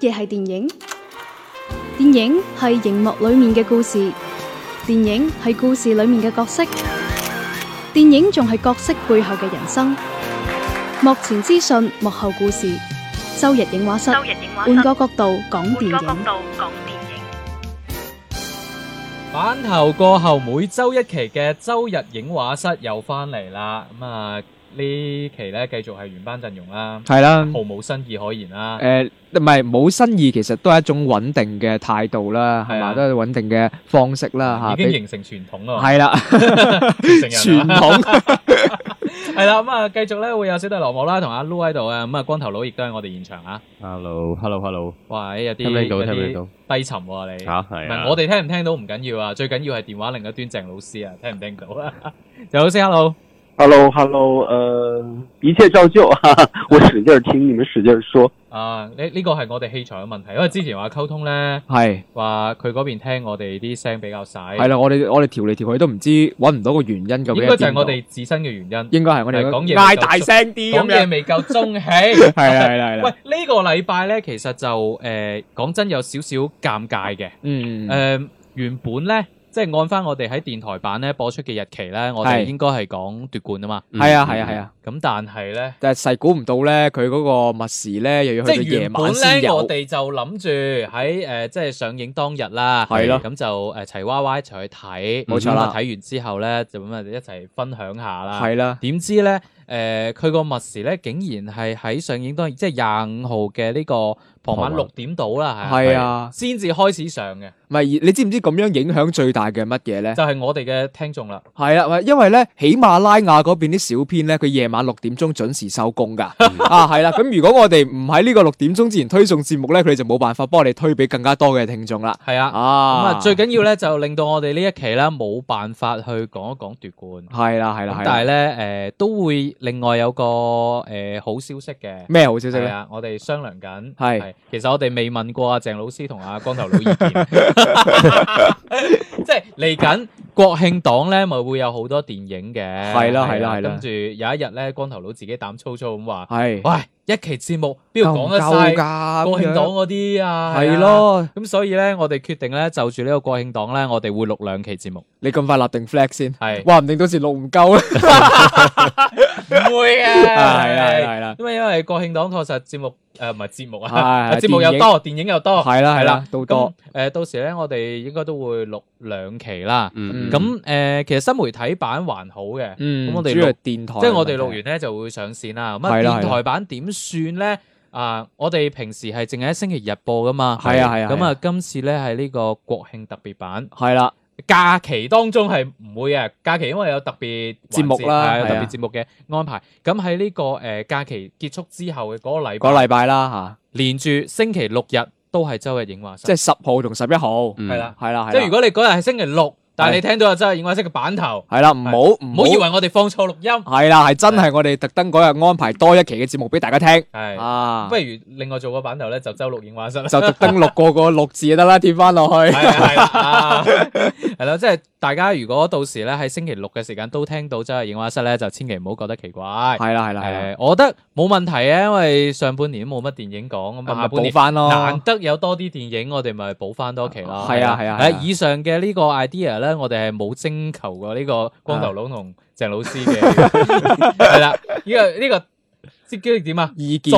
嘢係電影，電影係熒幕裏面嘅故事，電影係故事裏面嘅角色，電影仲係角色背後嘅人生。幕前資訊，幕後故事，周日影畫室，換個角度講電影。版頭過後，每周一期嘅周日影畫室又翻嚟啦，咁啊。呢期咧繼續係原班陣容啦，係啦，毫無新意可言啦。誒唔係冇新意，其實都係一種穩定嘅態度啦，係嘛，都係穩定嘅方式啦。嚇，已經形成傳統啦。係啦，傳統。係啦，咁啊，繼續咧會有小弟羅姆啦，同阿 Lu 喺度啊。咁啊，光頭佬亦都喺我哋現場啊。Hello，hello，hello。哇！有啲聽唔聽到，聽唔聽到？低沉喎你嚇係。唔係我哋聽唔聽到唔緊要啊，最緊要係電話另一端鄭老師啊，聽唔聽到啊？鄭老師，hello。Hello，Hello，誒 hello、uh，一切照舊。哈 哈我使勁聽，你們使勁說。啊，呢、這、呢個係我哋器材嘅問題，因為之前話溝通咧，係話佢嗰邊聽我哋啲聲比較細。係啦，我哋我哋調嚟調去都唔知搵唔到個原因咁，應該就係我哋自身嘅原因。應該係我哋講嘢嗌大聲啲，講嘢未夠中氣。係啦係啦。喂，這個、呢個禮拜咧，其實就誒，講、呃、真有少少尷尬嘅。嗯。誒、呃，原本咧。即係按翻我哋喺電台版咧播出嘅日期咧，我哋應該係講奪冠啊嘛。係啊係啊係啊。咁、嗯嗯、但係咧，就細、是、估唔到咧，佢嗰個密匙咧，又要去到夜晚先有。即係原本咧，我哋就諗住喺誒、即、呃、係、就是、上映當日啦。係咯。咁就誒齊歪歪一齊去睇。冇錯啦。睇、嗯、完之後咧，就咁啊一齊分享下啦。係啦。點知咧？誒佢個密時咧，竟然係喺上映當即係廿五號嘅呢個傍晚六點度啦，係啊，先至開始上嘅。唔係，你知唔知咁樣影響最大嘅乜嘢咧？就係我哋嘅聽眾啦。係啊，因為咧，喜馬拉雅嗰邊啲小編咧，佢夜晚六點鐘準時收工㗎啊，係啦。咁如果我哋唔喺呢個六點鐘之前推送節目咧，佢哋就冇辦法幫我哋推俾更加多嘅聽眾啦。係啊，啊咁啊，最緊要咧，就令到我哋呢一期啦冇辦法去講一講奪冠。係啦係啦，但係咧，誒都會。另外有個誒、呃、好消息嘅，咩好消息啊？我哋商量緊，係其實我哋未問過阿鄭老師同阿光頭佬意見，即係嚟緊國慶檔咧，咪會有好多電影嘅，係啦係啦係啦。跟住有一日咧，光頭佬自己膽粗粗咁話，係喂。一期節目邊度講得晒噶？國慶檔嗰啲啊，係咯，咁、啊啊嗯、所以咧，我哋決定咧就住呢個國慶檔咧，我哋會錄兩期節目。你咁快立定 flag 先，係，話唔定到時錄唔夠咧，唔 會嘅的，係啦係啦係啦，因為、啊啊啊、因為國慶檔確實節目。誒、呃，唔係節目啊，節目又多，電影，電影又多，係啦係啦，都多。誒、呃，到時咧，我哋應該都會錄兩期啦。咁、嗯呃、其實新媒體版還好嘅，咁、嗯、我哋錄電台是是，即係我哋錄完咧就會上線啦。咁啊，電台版點算咧？啊、呃，我哋平時係淨係喺星期日播㗎嘛。係啊係啊。咁啊，今次咧係呢是這個國慶特別版。係啦。假期當中係唔會嘅，假期因為有特別節目啦，有特別節目嘅安排。咁喺呢個誒、呃、假期結束之後嘅嗰個禮拜，嗰個禮拜啦嚇，連住星期六日都係周日影話，即係十號同十一號，係啦係啦。即係如果你嗰日係星期六。但係你聽到就真係影畫室嘅版頭，係啦，唔好唔好以為我哋放錯錄音，係啦，係真係我哋特登嗰日安排多一期嘅節目俾大家聽，係啊，不如另外做個版頭咧，就周六影畫室，就特登錄個個六字得啦，貼翻落去，係 啊，啦，即係大家如果到時咧喺星期六嘅時間都聽到真係影畫室咧，就千祈唔好覺得奇怪，係啦，係啦，係啦、呃，我覺得冇問題啊，因為上半年都冇乜電影講，咁、嗯、下半年翻咯，難得有多啲電影，我哋咪補翻多期咯，係啊，係啊，以上嘅呢個 idea 咧。我哋係冇徵求過呢個光頭佬同鄭老師嘅、啊，係 啦， 呢、這個呢、這個、這個、意見點啊？意見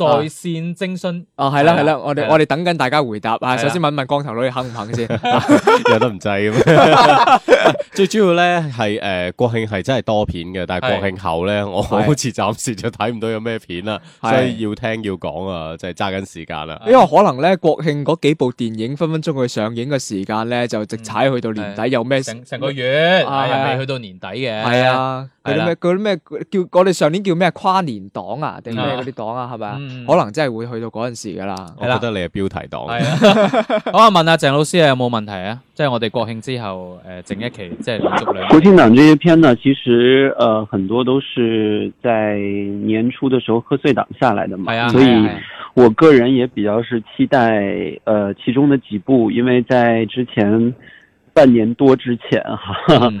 在線徵詢啊，係啦係啦，我哋、啊、我哋等緊大家回答啊。首先問問光頭佬肯唔肯先、啊，啊、 有得唔制咁？最主要咧係、呃、國慶係真係多片嘅，但係國慶後咧、啊，我好似暫時就睇唔到有咩片啦、啊，所以要聽要講啊，就係揸緊時間啦、啊。因為可能咧國慶嗰幾部電影分分鐘佢上映嘅時間咧就直踩到、嗯啊哎哎、去到年底有咩成成個月，又未去到年底嘅。係啊，嗰咩啲咩叫我哋上年叫咩跨年檔啊，定咩嗰啲檔啊，係咪嗯、可能真係會去到嗰陣時噶啦，我覺得你係標題黨。 好啊，問下鄭老師啊，有冇問題啊？即、就、係、是、我哋國慶之後誒、呃，整一期即係國慶檔這些片呢？其實，呃很多都是在年初的時候賀歲檔下來的嘛、啊啊，所以我個人也比較是期待呃其中的幾部，因為在之前半年多之前哈。嗯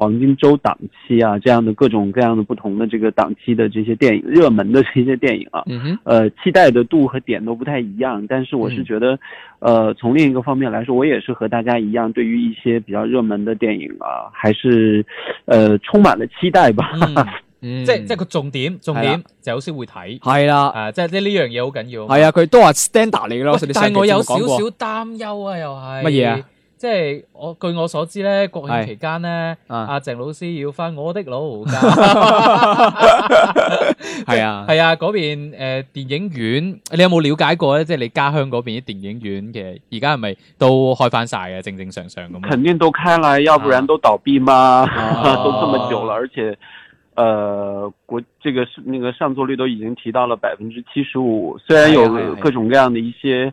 黃金周檔期啊，這樣的各種各樣的不同的這個檔期的這些電影，熱門的這些電影啊，嗯哼呃，期待的度和點都不太一樣。但是我是覺得，嗯、呃，從另一個方面來說，我也是和大家一樣，對於一些比較熱門的電影啊，還是，呃，充滿了期待吧。嗯，嗯 即係即係個重點，重點就好先會睇。係啦、啊，啊，即係即係呢樣嘢好緊要。係啊，佢、啊啊啊、都話 standard 嚟、哦、但咯。我有少少擔憂啊，又係。乜嘢啊？即係我據我所知咧，國慶期間咧，阿、啊啊、鄭老師要翻我的老家 是、啊，係啊係啊，嗰邊誒、呃、電影院，你有冇了解過咧？即係你家鄉嗰邊啲電影院嘅，而家係咪都開翻晒嘅？正正常常咁。肯定都開啦，要不然都倒閉嘛，啊啊都咁久了，而且，呃，國這個那個上座率都已經提到了百分之七十五，雖然有各種各樣的一些。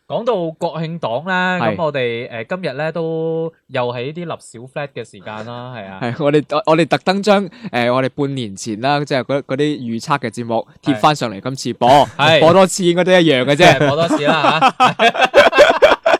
講到國慶檔咧，咁我哋誒、呃、今日咧都又係呢啲立小 flag 嘅時間啦，係啊。係我哋我哋特登將誒、呃、我哋半年前啦，即係嗰啲預測嘅節目貼翻上嚟，今次播播多次應該都一樣嘅啫，播多次啦吓、啊。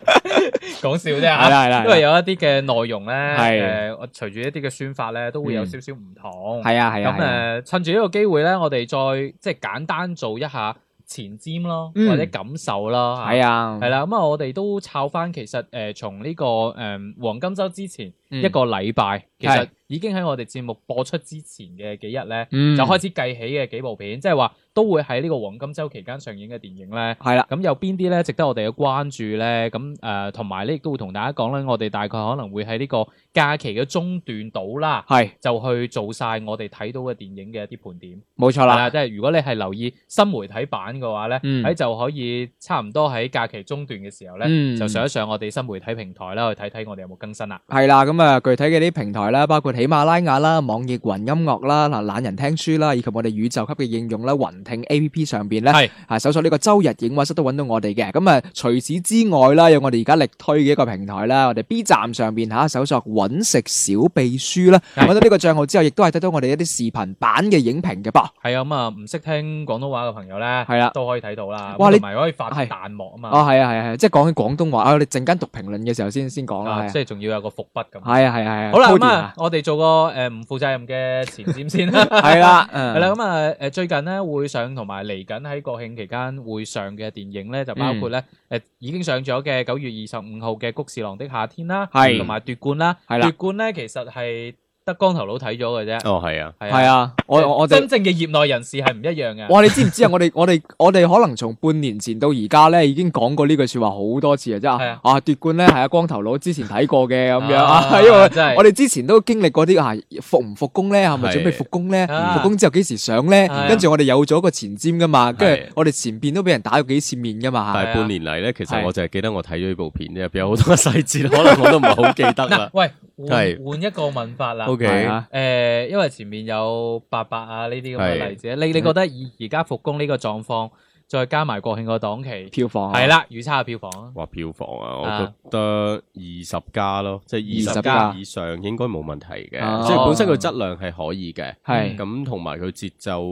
講笑啫、啊，係啦係啦，因為有一啲嘅內容咧，誒、呃，隨住一啲嘅宣發咧、嗯，都會有少少唔同。係啊係啊，咁誒、呃、趁住呢個機會咧，我哋再即係簡單做一下。前瞻咯，或者感受咯，係、嗯、啊，係啦，咁啊，我哋都抄翻，其實誒從呢個誒、嗯、黃金周之前。一個禮拜，其實已經喺我哋節目播出之前嘅幾日咧、嗯，就開始計起嘅幾部片，即係話都會喺呢個黃金周期間上映嘅電影咧。係啦，咁有邊啲咧值得我哋嘅關注咧？咁誒，同埋呢，亦都、呃、會同大家講咧，我哋大概可能會喺呢個假期嘅中段到啦，係就去做晒我哋睇到嘅電影嘅一啲盤點。冇錯啦，即係如果你係留意新媒體版嘅話咧，喺、嗯、就可以差唔多喺假期中段嘅時候咧、嗯，就上一上我哋新媒體平台啦，去睇睇我哋有冇更新啦。係啦，咁。具體嘅啲平台啦，包括喜馬拉雅啦、網易雲音樂啦、嗱懶人聽書啦，以及我哋宇宙級嘅應用啦，雲聽 A P P 上邊咧，係搜索呢個周日影畫室都揾到我哋嘅。咁、嗯、啊，除此之外啦，有我哋而家力推嘅一個平台啦，我哋 B 站上邊嚇、啊、搜索揾食小秘書啦，揾到呢個帳號之後，亦都係睇到我哋一啲視頻版嘅影評嘅噃。係啊，咁、嗯、啊，唔識聽廣東話嘅朋友咧，係啦、啊，都可以睇到啦。哇，你唔係可以發彈幕啊嘛。哦，係啊，係啊，係啊，啊，啊，即係講起廣東話啊，你陣間讀評論嘅時候先先講啦。啊，啊，即係仲要有個伏筆咁。係啊，係係係，好啦咁啊，我哋做個誒唔負責任嘅前瞻先、 啊，係、嗯、啦、啊，係啦咁啊誒最近咧會上同埋嚟緊喺國慶期間會上嘅電影咧，就包括咧誒、嗯、已經上咗嘅九月二十五號嘅《菊次郎的夏天》啦，係同埋奪冠啦，係啦，奪冠咧其實係。得光頭佬睇咗嘅啫，哦係啊，係啊，我我我真正嘅業內人士係唔一樣嘅。哇，你知唔知啊？ 我哋我哋我哋可能從半年前到而家咧，已經講過呢句說話好多次啊，即啊！啊奪冠咧，係啊，光頭佬之前睇過嘅咁樣，啊，啊真係。我哋之前都經歷過啲啊復唔復工咧，係咪準備復工咧？復、啊、工之後幾時上咧、啊？跟住我哋有咗個前瞻噶嘛，跟住、啊、我哋前邊都俾人打咗幾次面噶嘛。係、啊啊、半年嚟咧，其實我就係記得我睇咗呢部片，入邊、啊、有好多細節， 可能我都唔係好記得啦、 呃。喂。換，換一個問法啦，okay, 呃，因為前面有八百啊呢啲咁嘅例子，你你覺得而而家復工呢個狀況？再加埋國慶個檔期票房、啊，係啦預測票房、啊。話票房啊，我覺得二十加咯，啊、即係二十加以上應該冇問題嘅。即係本身個質量係可以嘅，咁同埋佢節奏、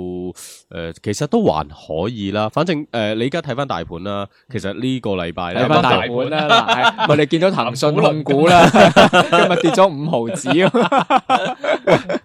呃，其實都還可以啦。反正誒、呃、你而家睇翻大盤啦，其實個呢個禮拜咧，睇返大盤啦，嗱， 你見咗騰訊控股啦， 今日跌咗五毫子。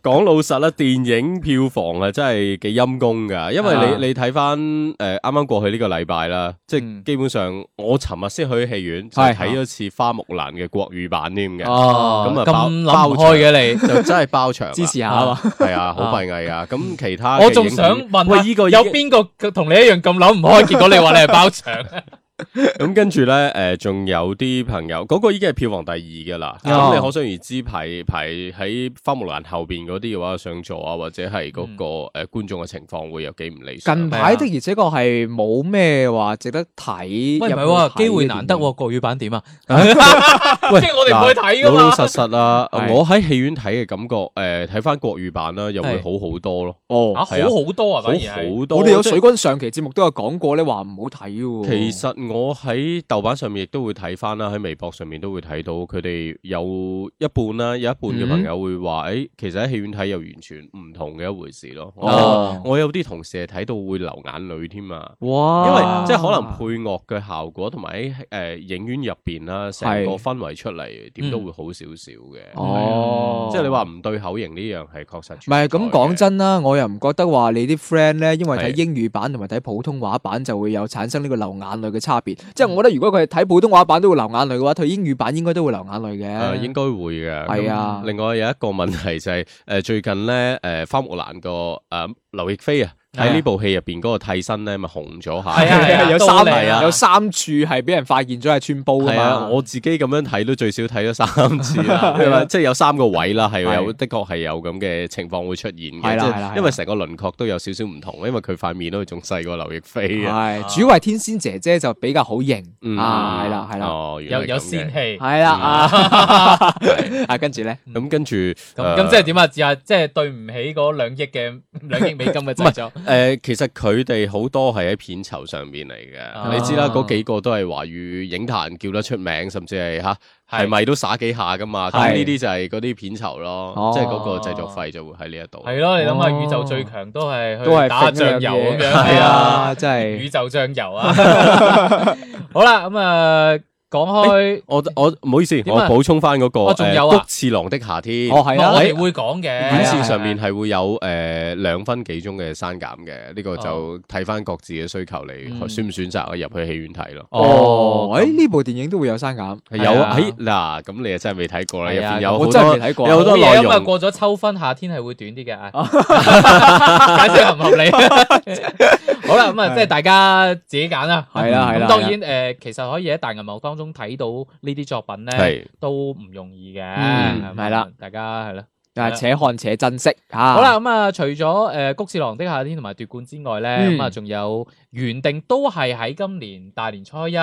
講 老實啦，電影票房啊真係幾陰功噶，因為你你睇翻誒啱啱過去呢個禮拜啦，即係基本上我尋日先去戲院係睇咗次花木蘭嘅國語版添嘅，咁啊咁諗開嘅你就真係包場支持下嘛，係啊好閉翳啊，咁、啊、其他我仲想問喂、呢個，有邊個同你一樣咁諗唔開，結果你話你係包場 咁、 嗯、跟住咧，誒、呃，仲有啲朋友，嗰、那個已經係票房第二噶啦。咁、哦、你可想而知，排排喺花木蘭後邊嗰啲嘅話，上座啊，或者係嗰、那個誒、嗯呃、觀眾嘅情況會有幾唔理想。近排的而且確係冇咩話值得睇。喂，唔係喎，機會難得喎，國語版點啊？即係我哋唔去睇噶嘛。老老實實啊，我喺戲院睇嘅感覺，誒、呃，睇翻國語版啦，又會好好多咯。哦，啊，好好多啊，反而係。我哋有水軍上期節目都有講過咧，話唔好睇喎。其實。我喺豆瓣上面亦都會睇翻啦，喺微博上面都會睇到佢哋有一半啦，有一半嘅朋友會話，誒、嗯，其實喺戲院睇又完全唔同嘅一回事咯、哦啊。我有啲同事係睇到會流眼淚添啊，哇！因為、啊、即係可能配樂嘅效果同埋喺誒影院入邊啦，成個氛圍出嚟點都會好少少嘅。哦，即係你話唔對口型呢樣係確實。唔係咁講真啦，我又唔覺得話你啲 friend 咧，因為睇英語版同埋睇普通話版就會有產生呢個流眼淚嘅差。差別，即係我覺得如果佢係睇普通話版都會流眼淚嘅話，睇英語版應該都會流眼淚嘅。誒，應該會嘅。係啊。另外有一個問題就係、是，誒、呃、最近咧，誒、呃、花木蘭個誒劉亦菲啊。喺呢部戲入邊嗰個替身咧，咪紅咗下？係啊，有三嚟啊，有三處係俾人發現咗係穿煲噶嘛、啊啊。我自己咁樣睇都最少睇咗三次啦，即 係、啊啊啊就是、有三個位啦，係有、啊、的確係有咁嘅情況會出現嘅。係啦、啊，啊就是、因為成個輪廓都有少少唔同，因為佢塊面都仲細過劉亦菲啊。係，主要係天仙姐姐就比較好型啊，係啦，係啦，有有仙氣，係啦。啊，跟住咧，咁跟住咁，咁即係點啊？又即係、啊、對唔起嗰兩億嘅兩億美金嘅製作。 誒、呃，其實佢哋好多係喺片酬上面嚟嘅，啊，你知啦，啊，嗰幾個都係華語影壇叫得出名，甚至係吓係咪都耍幾下噶嘛，咁呢啲就係嗰啲片酬咯，啊、即係嗰個製作費就會喺呢一度。係咯，你諗下、啊、宇宙最強都係都係打醬油咁樣，係啊，即係宇宙醬油啊！ 好啦，咁、嗯、啊。講開，欸、我我唔好意思，啊、我補充翻、那、嗰個菊次郎的夏天。哦係啊，啊，我哋會講嘅。院綫上面係會有誒兩、呃、分幾鐘嘅刪減嘅，呢、啊啊這個就睇翻各自嘅需求，嚟、嗯、選唔選擇入去戲院睇咯。哦，誒呢、啊哦欸、部電影都會有刪減，係、啊啊啊啊、有。誒嗱，咁你啊真係未睇過啦，有好多有好多嘢。咁啊因為過咗秋分，夏天係會短啲嘅啊？解釋合唔合理？ 好啦，咁啊即係大家自己揀啦。係啦係啦，咁當然誒，其實可以喺大銀幕當中。睇到呢啲作品咧，都唔容易嘅，係、嗯、啦，大家係咯。啊，且看且珍惜吓。好啦，咁啊，除咗誒《菊次郎的夏天》同埋奪冠之外咧，咁啊，仲有原定都係喺今年大年初一，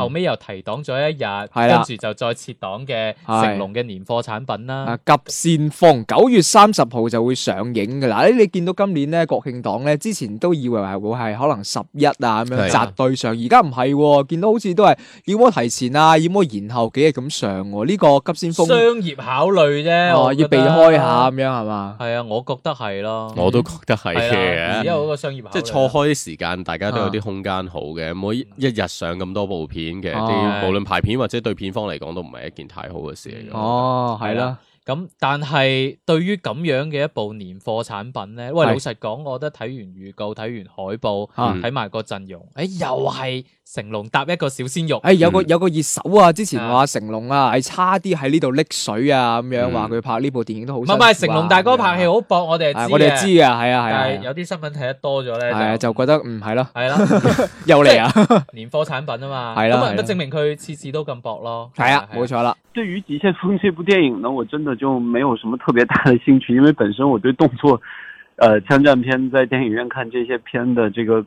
後尾又提檔咗一日，跟住就再撤檔嘅成龍嘅年貨產品啦。急先鋒九月三十號就會上映㗎啦。你見到今年咧國慶檔咧，之前都以為係會係可能十一啊咁樣紮對上，而家唔係，見到好似都係要唔好提前啊，要唔好延後幾日咁上。呢個急先鋒商業考慮啫，要避開。咁樣係嘛？係啊，啊，我覺得係咯、嗯。我都覺得係嘅。而家嗰個商業，即、就、係、是、錯開啲時間，大家都有啲空間好嘅，冇、啊、一一日上咁多部片嘅、嗯啊。無論排片或者對片方嚟講，都唔係一件太好嘅事嚟嘅、啊。哦，係啦、啊。咁但係對於咁樣嘅一部年貨產品咧，喂，老實講，我覺得睇完預告、睇完海報、睇埋個陣容，誒、嗯欸，又係。成龍搭一個小鮮肉，誒、哎，有個有個熱搜啊，之前話成龍啊，係差啲喺呢度溺水啊，咁樣話佢拍呢部電影都好。唔、嗯、係，成龍大哥拍戲好搏，我哋、哎、我哋知啊。係啊係啊。但係有啲新聞睇得多咗咧，係啊、哎，就覺得唔係咯，係啦又嚟，啊，啊啊啊啊啊 年貨產品啊嘛，係啦，咁啊，啊證明佢次次都咁搏咯，係啊，冇、啊啊、錯啦。對於《急先鋒》這部電影呢，我真的就沒有什麼特別大的興趣，因為本身我對動作、呃槍戰片，在電影院看這些片的這個。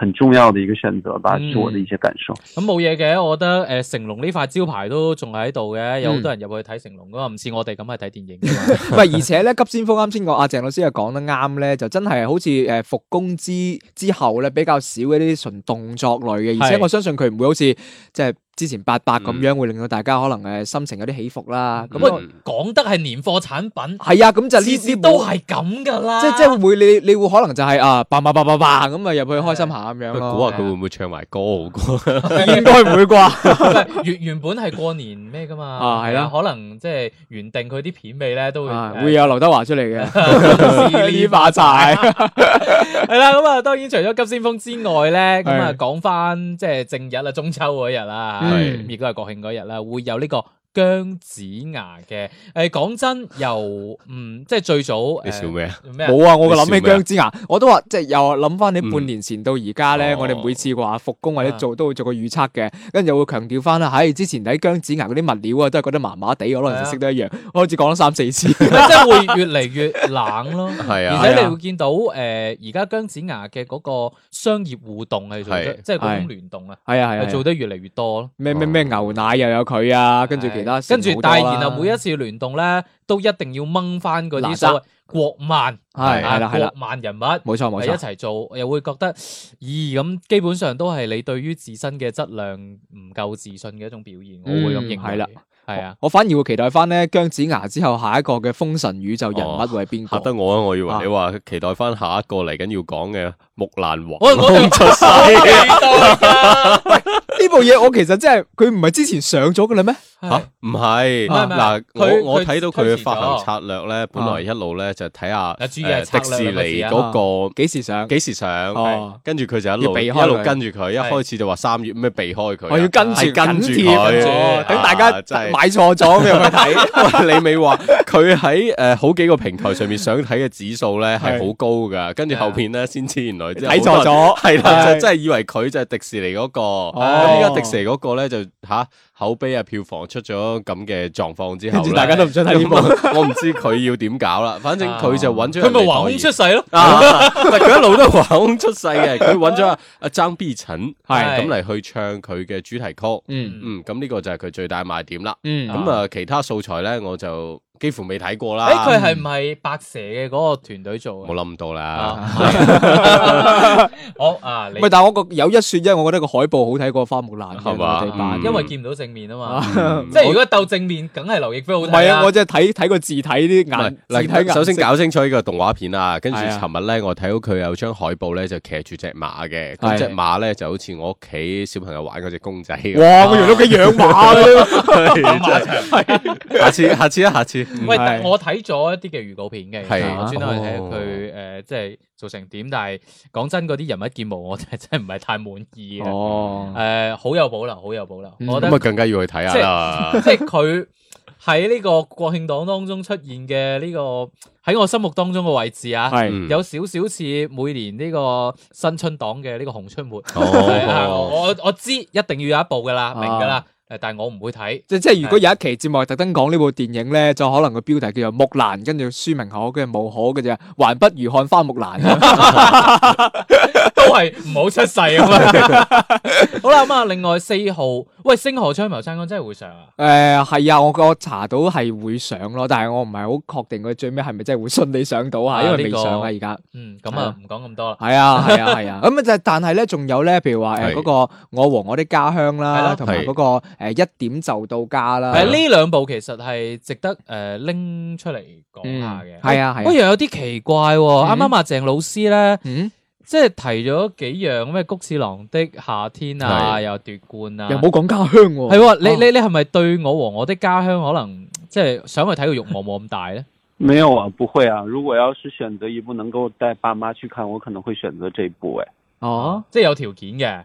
很重要的一個選擇吧，是、嗯、我的一些感受。咁冇嘢嘅，我覺得誒、呃，成龍呢塊招牌都仲喺度嘅，有好多人入去睇成龍噶嘛，唔、嗯、似我哋咁係睇電影。嘅。 而且咧急先鋒啱先講，阿、啊、鄭老師又講得啱咧，就真係好似誒復工之之後咧，比較少一啲純動作類嘅，而且我相信佢唔會好似即係。就是之前八百咁樣會令到大家可能誒心情有啲起伏啦。咁講得係年貨產品，係、嗯、啊，咁就呢啲都係咁㗎啦。即即會你你會可能就係、是、啊，叭叭叭叭叭咁啊入去開心下咁樣估下佢會唔會唱埋歌好啩？應該唔會啩。原 原本係過年咩㗎嘛？係、啊、啦，可能即係原定佢啲片尾咧都會、啊、會有劉德華出嚟嘅。呢化曬係啦，咁啊當然除咗急先鋒之外咧，咁啊講翻即係正日啦，中秋嗰日啦。亦都係國慶嗰日啦，會有呢個。姜子牙嘅誒，講真由嗯，即係最早你笑咩啊？冇、呃、啊！我嘅諗起姜子牙，我都話即係又諗翻你半年前到而家咧，我哋每次話復工或者做、嗯、都會做個預測嘅，跟住又會強調翻啦。喺、哎、之前睇姜子牙嗰啲物料啊，都係覺得麻麻地，可、嗯、能識得一樣，嗯、我好似講咗三四次，即 係會越嚟越冷咯。係啊，而且你會見到誒，而、嗯、家、呃、姜子牙嘅嗰個商業互動係做得即係嗰種聯動啊，係啊係啊，做得越嚟越多咯。咩咩咩牛奶又有佢啊，跟住、嗯。嗯跟住，但然後每一次聯動咧、嗯，都一定要掹翻嗰啲所謂國漫，係係啦，係啦，國漫人物，冇錯冇錯，一齊做又會覺得，咦咁，基本上都係你對於自身嘅質量唔夠自信嘅一種表現，嗯、我會咁認為。係啦，係啊，我反而會期待翻咧姜子牙之後下一個嘅封神宇宙人物會係邊個？哦、嚇得我啊！我以為、啊、你話期待翻下一個嚟緊要講嘅木蘭王。出 呢部嘢我其實真係佢唔係之前上咗嘅喇咩吓唔係嗱我睇到佢嘅發行策略咧，本來一路咧、啊、就睇下、呃、迪士尼嗰、那個幾時上幾時上，時上哦、跟住佢就一路避開一路跟住佢，一開始就話三月咩避開佢，我要跟住跟住，等、哦、大家買錯咗咪去睇。 你咪話佢喺誒好幾個平台上面想睇嘅指數咧係好高噶，跟住後邊咧先知原來睇錯咗，係啦就真係以為佢就係迪士尼嗰個。依家迪 Sir 嗰個咧就吓，口碑啊票房出咗咁嘅狀況之後，大家都唔想睇。我唔知佢要點搞啦，反正佢就揾咗佢咪橫空出世咯。佢、啊、 一路都橫空出世嘅，佢揾咗阿阿張碧晨係咁嚟,去唱佢嘅主題曲。嗯、啊、嗯，咁呢個就係佢最大賣點啦。嗯，咁、嗯嗯、啊、啊其他素材咧我就。幾乎未睇過啦。誒、欸，佢係唔係白蛇嘅嗰、那個團隊做啊？冇諗唔到啦。我啊，喂、 哦啊，但係我個有一説、嗯，因為我覺得個海報好睇過花木蘭嘅原版，因為見唔到正面啊嘛。嗯嗯、即係如果鬥正面，梗係劉亦菲好睇啦。係啊，我即係睇睇個字體啲眼。首先搞清楚呢個動畫片啊，跟住尋日咧，我睇到佢有張海報咧，就騎住隻馬嘅。嗰隻、啊、馬咧就好似我屋企小朋友玩嗰隻公仔。啊、哇！我原來幾養馬㗎。 馬 下次，下次，下次。喂，我睇咗一啲嘅預告片嘅、啊，我專登去睇佢，誒，即係做成點。但係講真，嗰啲人物建模我真係真係唔係太滿意。哦，誒，好、呃哦呃、有保留，好有保留。嗯、我覺得咁啊，更加要去睇下即係佢喺呢個國慶檔當中出現嘅呢、這個喺我心目當中嘅位置啊，係有少少似每年呢個新春檔嘅呢個《熊出沒》哦啊。我我知一定要有一部噶啦，明噶啦。啊誒，但係我唔會睇。即係如果有一期節目特登講呢部電影咧，就可能個標題叫做《木蘭》，跟住書名號跟住冇可嘅啫，還不如看《花木蘭。》 都係唔好出世咁嘛 好啦，咁、嗯、啊，另外四號，喂，《星河槍矛山崗》真係會上啊？誒、嗯，係啊，我我查到係會上咯，但係我唔係好確定佢最尾係咪真係會順利上到啊？因為、這個、未上啊，而家。嗯，咁、嗯、啊，唔講咁多啦。係啊，係啊，係啊。咁就、啊、但係咧，仲有咧，譬如話誒，嗰、那個《我和我的家鄉》啦，同埋嗰個。誒，一點就到家啦！係、嗯、呢兩部其實係值得誒拎、呃、出嚟講下嘅。係啊，係啊，我、啊哦、又有啲奇怪喎、哦。啱啱鄭老師咧、嗯，即係提咗幾樣咩《菊次郎的夏天》啊，又奪冠啊，又冇講家鄉喎、啊。係、啊、你你你係咪對我和我的家鄉可能即係想去睇個欲望冇咁大咧？ 沒有啊，不會啊。如果要是選擇一部能夠帶爸媽去看，我可能會選擇這部誒、欸。哦，啊、即係有條件嘅。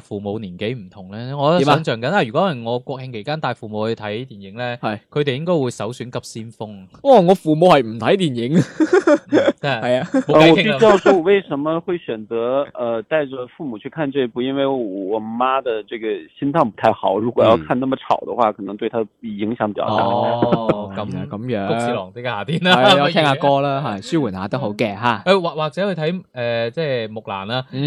父母年紀唔同咧，我都想象緊。如果係我國慶期間帶父母去睇電影咧，佢哋應該會首選《急先鋒》哦。哇！我父母係唔睇電影。係、 嗯、啊、哦，我必須要說，我為什麼會選擇誒、呃、帶着父母去看這部？因為我媽的這個心臟不太好，如果要看那麼吵的話，可能對她影響比較大。嗯、哦，咁樣咁樣。菊次郎的夏天啦，我聽下歌啦，舒緩下都好嘅嚇。或或者去睇誒，即係木蘭啦。係、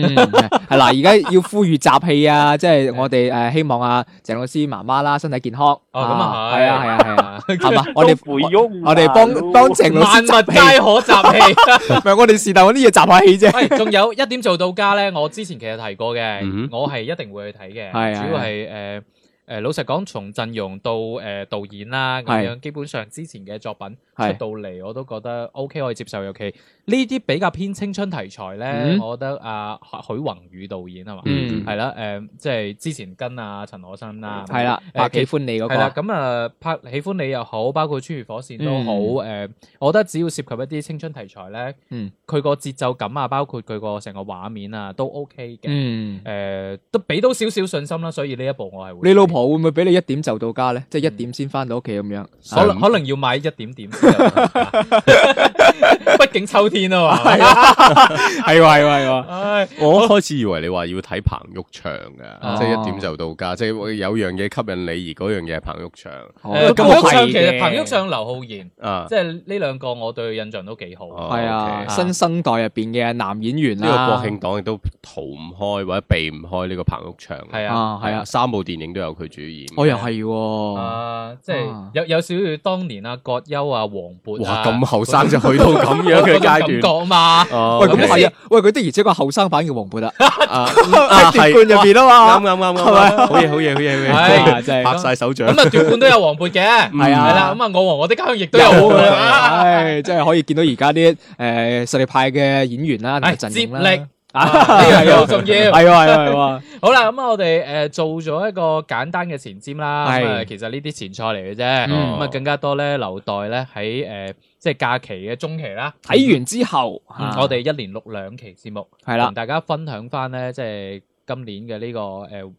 嗯、啦，而、嗯、家要呼籲集氣啊！即係我哋誒、呃，希望阿、啊、鄭老師媽媽啦身體健康、哦嗯、啊！咁啊係啊係啊係啊，係嘛、啊啊啊啊啊嗯！我哋、啊、我哋幫幫鄭老師萬物皆可集氣，唔 係 我哋是但啲嘢集下氣啫。仲有一點做到家咧，我之前其實提過嘅、嗯，我係一定會去睇嘅、啊，主要係誒。呃誒，老實講，從陣容到誒、呃、導演啦，咁樣基本上之前嘅作品出到嚟，我都覺得 O、OK, K 可以接受。尤其呢啲比較偏青春題材咧、嗯，我覺得阿、啊、許宏宇導演係嘛，係、嗯、啦，誒、呃，即係之前跟阿陳可辛啦，係、嗯、啦，拍《喜歡你、那》嗰個，咁啊、嗯、拍《喜歡你》又好，包括《穿越火線》都好。誒、嗯呃，我覺得只要涉及一啲青春題材咧，佢、嗯、個節奏感啊，包括佢個成個畫面啊，都 O K 嘅。誒、嗯呃，都俾到少少信心啦。所以呢一部我係會。會唔會俾你一點就到家咧、嗯？即係一點先翻到屋企咁樣、嗯，可能可能要晚一點點一。 畢竟秋天啊嘛，係喎係喎。我開始以為你話要睇彭昱暢嘅，即係一點就到家，即係有樣嘢吸引你，而嗰樣嘢係彭昱暢。彭昱暢其實彭昱暢、劉浩然，即係呢兩個，我對佢印象都幾好。係、okay, 啊，新生代入邊嘅男演員啦、啊，呢、這個國慶檔亦都逃唔開或者避唔開呢個彭昱暢。係啊係啊，三部電影都有佢。主演，我、哦、又係、哦，啊，即係有有少少當年阿葛優啊，黃渤，哇，咁後生就去到咁樣嘅階段，講、 啊、嘛，喂，咁係啊，喂，佢的而且確後生版嘅黃渤啊，啊，奪冠入邊啊嘛，啱啱啱，係咪、啊嗯？好嘢，好嘢，好嘢，真、就、係、是、拍晒手掌，咁啊，奪冠都有黃渤嘅，係、嗯、啊，咁啊，我和我的家鄉亦都有，係、啊，即係可以見到而家啲誒實力派嘅演員啦，係，接力。 啊！ 好係啊，係啊。好啦，咁啊，我哋做咗一個簡單嘅前瞻啦。其實呢啲前菜嚟嘅啫。咁、嗯、啊，更加多咧留待咧喺即係假期嘅中期啦。睇完之後，嗯啊、我哋一連錄兩期節目，係啦，同大家分享翻咧，即、就、係、是、今年嘅呢、這個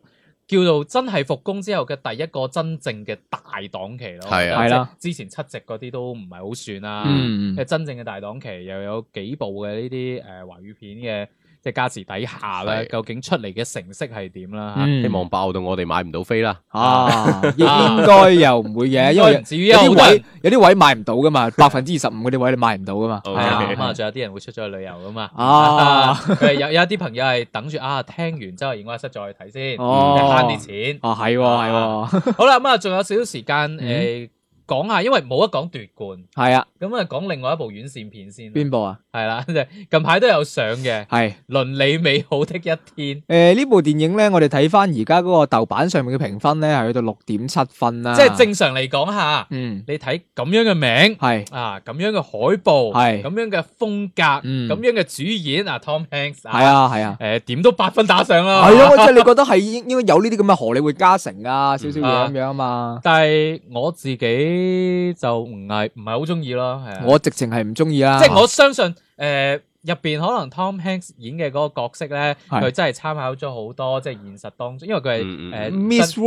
叫做真係復工之後嘅第一個真正嘅大檔期咯。係啊，之前七夕嗰啲都唔係好算啦，嗯嗯。真正嘅大檔期，又有幾部嘅呢啲誒華語片嘅。即價時底下咧，究竟出嚟嘅成色係點啦？希望爆到我哋買唔到飛啦！啊， 應該又唔會嘅， 因為至於有啲位，位，有啲位買唔到噶嘛，百分之二十五嗰啲位你買唔到噶嘛。係、 okay，啊，咁啊，仲有啲人會出咗去旅遊噶嘛。啊，啊啊有有啲朋友係等住啊，聽完之後，研發室再睇先，慳、啊、啲、啊、錢。啊，係喎、啊啊啊啊，好啦，咁、嗯、啊，仲有少少時間誒。嗯講下，因為冇得講《奪冠》，係啊，咁啊講另外一部院線片先。邊部啊？係啦，即係近排都有上嘅。係倫理美好的一天。誒、呃，呢部電影咧，我哋睇翻而家嗰個豆瓣上面嘅評分咧，係去到六點七分啦。即、就、係、是、正常嚟講吓，嗯，你睇咁樣嘅名，係啊，咁樣嘅海報，係咁樣嘅風格，咁、嗯、樣嘅主演啊，Tom Hanks，係啊係啊，誒、啊，點、啊、都八分打上啦。係啊，即係、啊 啊、你覺得係應應該有呢啲咁嘅荷里活加成啊、嗯，少少嘢，咁樣啊嘛。啊但係我自己。啲就唔係唔係好中意咯，我直情係唔中意啊！即、就、係、是、我相信誒，入、呃、邊可能 Tom Hanks 演嘅嗰個角色咧，佢、啊、真係參考咗好多即係、就是、現實當中，因為佢係誒 Miss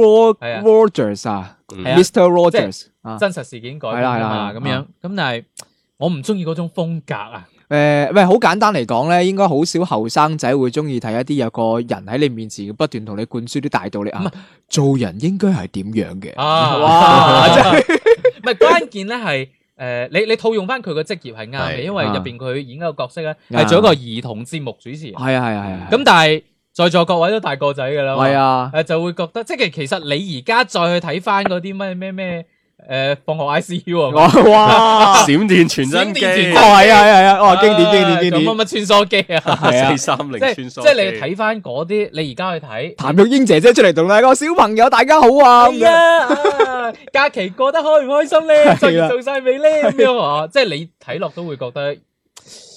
Rogers 啊、嗯、，Mr Rogers，真實事件改編啊，咁、啊啊、樣咁，但係我唔中意嗰種風格啊。誒、呃，喂，好簡單嚟講咧，應該好少後生仔會中意睇一啲有個人喺你面前不斷同你灌輸啲大道理啊，做人應該係點樣嘅啊！哇！啊唔 係關鍵咧，係、呃、誒你你套用翻佢個職業係啱嘅，因為入邊佢演一個角色咧係做一個兒童節目主持人，係啊係啊係啊，咁但係在座各位都大個仔㗎啦，係啊誒就會覺得即係、就是、其實你而家再去睇翻嗰啲咩咩咩。誒、呃，放學 I C U 啊！哇，閃 電傳真機，哦係啊係啊哦，經典、啊、經典經典乜乜穿梭機啊，四三零穿梭機，即係你睇翻嗰啲，你而家去睇，譚玉英姐姐出嚟同大家小朋友，大家好啊！係、嗯、啊， 啊，假期過得開唔開心咧？盡做晒未咧咁樣啊！即係、啊啊啊啊、 你睇落都會覺得。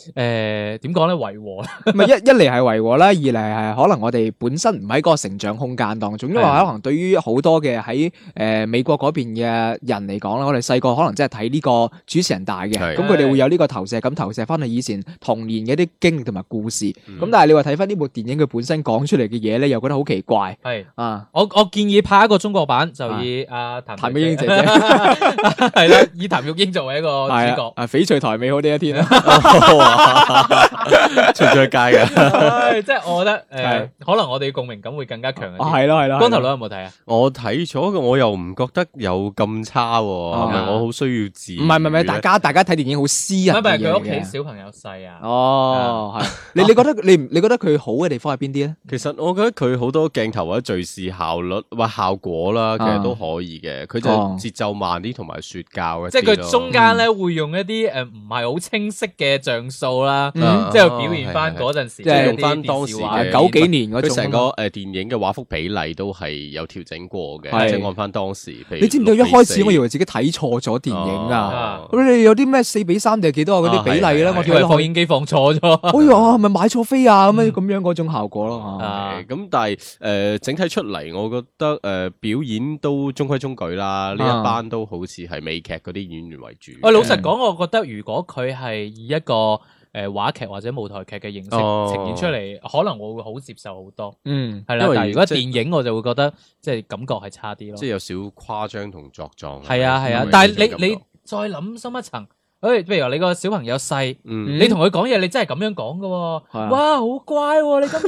誒、呃，點講咧？違和 一，一嚟係違和啦，二嚟係可能我哋本身唔喺個成長空間當中，因為可能對於好多嘅喺誒美國嗰邊嘅人嚟講啦，我哋細個可能真係睇呢個主持人大嘅，咁佢哋會有呢個投射，咁投射翻去以前童年嘅啲經歷同埋故事。咁、嗯、但係你話睇翻呢部電影，佢本身講出嚟嘅嘢咧，又覺得好奇怪。係啊、嗯，我我建議拍一個中國版，就以阿、啊啊、譚玉英姐姐係啦， 以譚玉英作為一個主角。啊，翡翠台美好呢一天啦、 哦隨 在著街嘅、 哎，即、就、係、是、我覺得誒、呃，可能我哋嘅共鳴感會更加強一啲。係咯係咯，光頭佬有冇睇啊？我睇咗，我又唔覺得有咁差，唔、啊、咪？我好需要剪。唔係唔係大家大家睇電影好私人嘅。唔係佢屋企小朋友細啊。哦、啊，你你覺得你你覺得佢好嘅地方喺邊啲咧？其實我覺得佢好多鏡頭或者敘事效率或效果啦、啊，其實都可以嘅。佢就係節奏慢啲，同埋說教嘅。即係佢中間咧會用一啲誒唔係好清晰嘅像。做啦，即、嗯、係表現翻嗰陣時，即、哦、係用翻、就是、當時九幾年種，佢成個誒電影嘅畫幅比例都係有調整過嘅，即係、就是、按翻當時。你知唔知一開始我以為自己睇錯咗電影、哦、3，啊？你有啲咩四比三定係幾多嗰啲比例咧？我調翻。放映機放錯咗，我以為，係咪買錯飛啊？咁、嗯、樣咁樣嗰種效果咯。咁、啊、但係誒、呃、整體出嚟，我覺得誒、呃、表演都中規中矩啦。呢、嗯、一班都好似係美劇嗰啲演員為主。喂、嗯，老實講，我覺得如果佢係以一個。誒、呃，話劇或者舞台劇嘅形式呈現出嚟、哦，可能我會好接受好多。嗯，係啦。但係如果是電影，我就會覺得即係感覺係差啲咯，即係有少誇張同作狀係啊係啊，但係你你，你再諗深一層，誒，譬如話你個小朋友細、嗯，你同佢講嘢，你真係咁樣講噶、嗯。哇，好乖，你今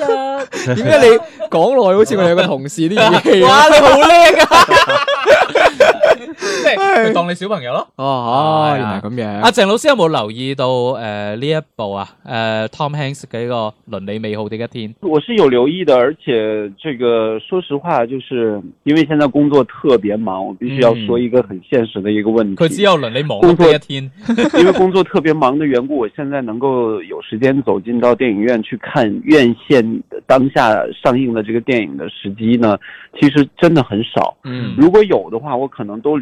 日點解你講耐好似我哋有個同事啲語氣？ 哇，你好叻啊！ 即、hey, 係當你小朋友咯哦，oh, oh, 原來咁樣。阿、啊、鄭老師有冇留意到誒呢、呃、一部啊、呃、？Tom Hanks 嘅一個倫理美好的一天，我是有留意的。而且，這個說實話，就是因為現在工作特別忙，我必須要說一個很現實的一個問題。佢、嗯、只有倫理美好的一天、就是，因為工作特別忙的緣故，我現在能夠有時間走進到電影院去看院線當下上映的這個電影的時機呢，其實真的很少。嗯，如果有的話，我可能都。.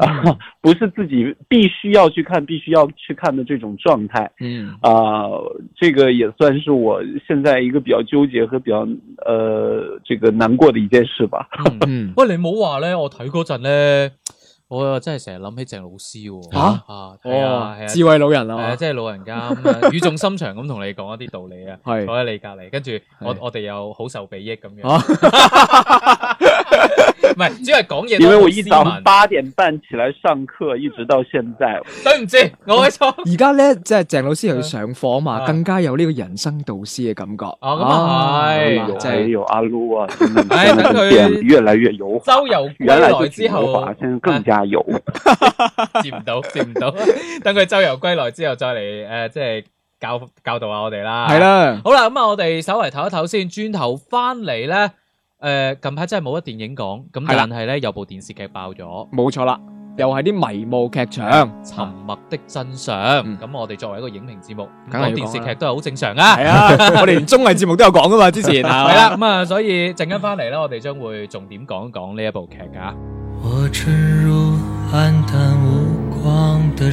啊， 不是自己必須要去看，必須要去看的這種狀態。嗯、啊、呃，這個也算是我現在一個比較糾結和比較，呃，這個難過的一件事吧。嗯，喂，你唔好話咧，我睇嗰陣咧，我又真係成日諗起鄭老師喎。吓啊，啊，啊，啊，啊，哦，智慧、啊、老人啊，係啊，即、就、係、是、老人家、 嗯、語重心長咁同你講一啲道理 我 我啊，坐喺你隔籬，跟住我我哋又好受裨益咁樣。唔係，只係講嘢。因為我一早八點半起來上課，一直到現在。 對唔住，我錯。而家咧，即係鄭老師又要上課嘛、嗯，更加有呢個人生導師嘅感覺。哦、嗯，咁啊係，真係阿 Lu 啊，等佢越來越有。哎有有哎啊就是哎、周遊歸來之後，先 更加有。接 唔到，接唔到。 等佢周遊歸來之後再來，再嚟誒，即、就、係、是、教教導下我哋啦。係啦，好啦，咁啊，我哋稍微唞一唞先，轉頭翻嚟咧。誒、呃，近排真係冇乜電影講，咁但係咧，有部電視劇爆咗，冇錯啦，又係啲迷霧劇場《沉默的真相》。嗯，咁我哋作為一個影評節目講電視劇都係好正常啊噶， 我哋連綜藝節目都有講噶嘛，之前係啦，咁 啊是的， 所以陣間翻嚟啦，我哋將會重點講講呢一部劇噶、啊。我沉入暗淡無光的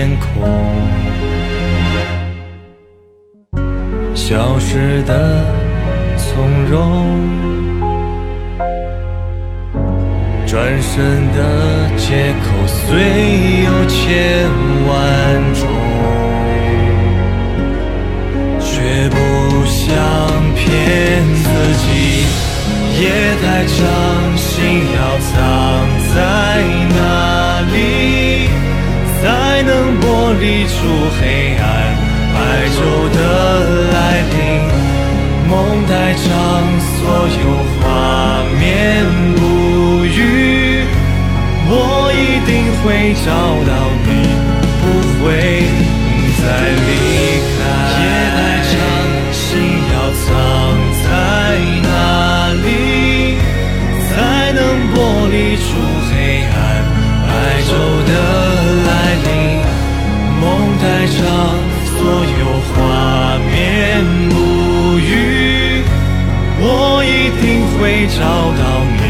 天空消失的從容，轉身的借口雖有千萬種，卻不想騙自己，夜太長，心要藏在哪裏？剝離出黑暗，白晝的來臨。夢太長，所有畫面不語。我一定會找到你，不會再離開。夜太長，心要藏在哪裏，才能剝離出黑暗，白晝的。帶上所有畫面，不語，我一定會找到你。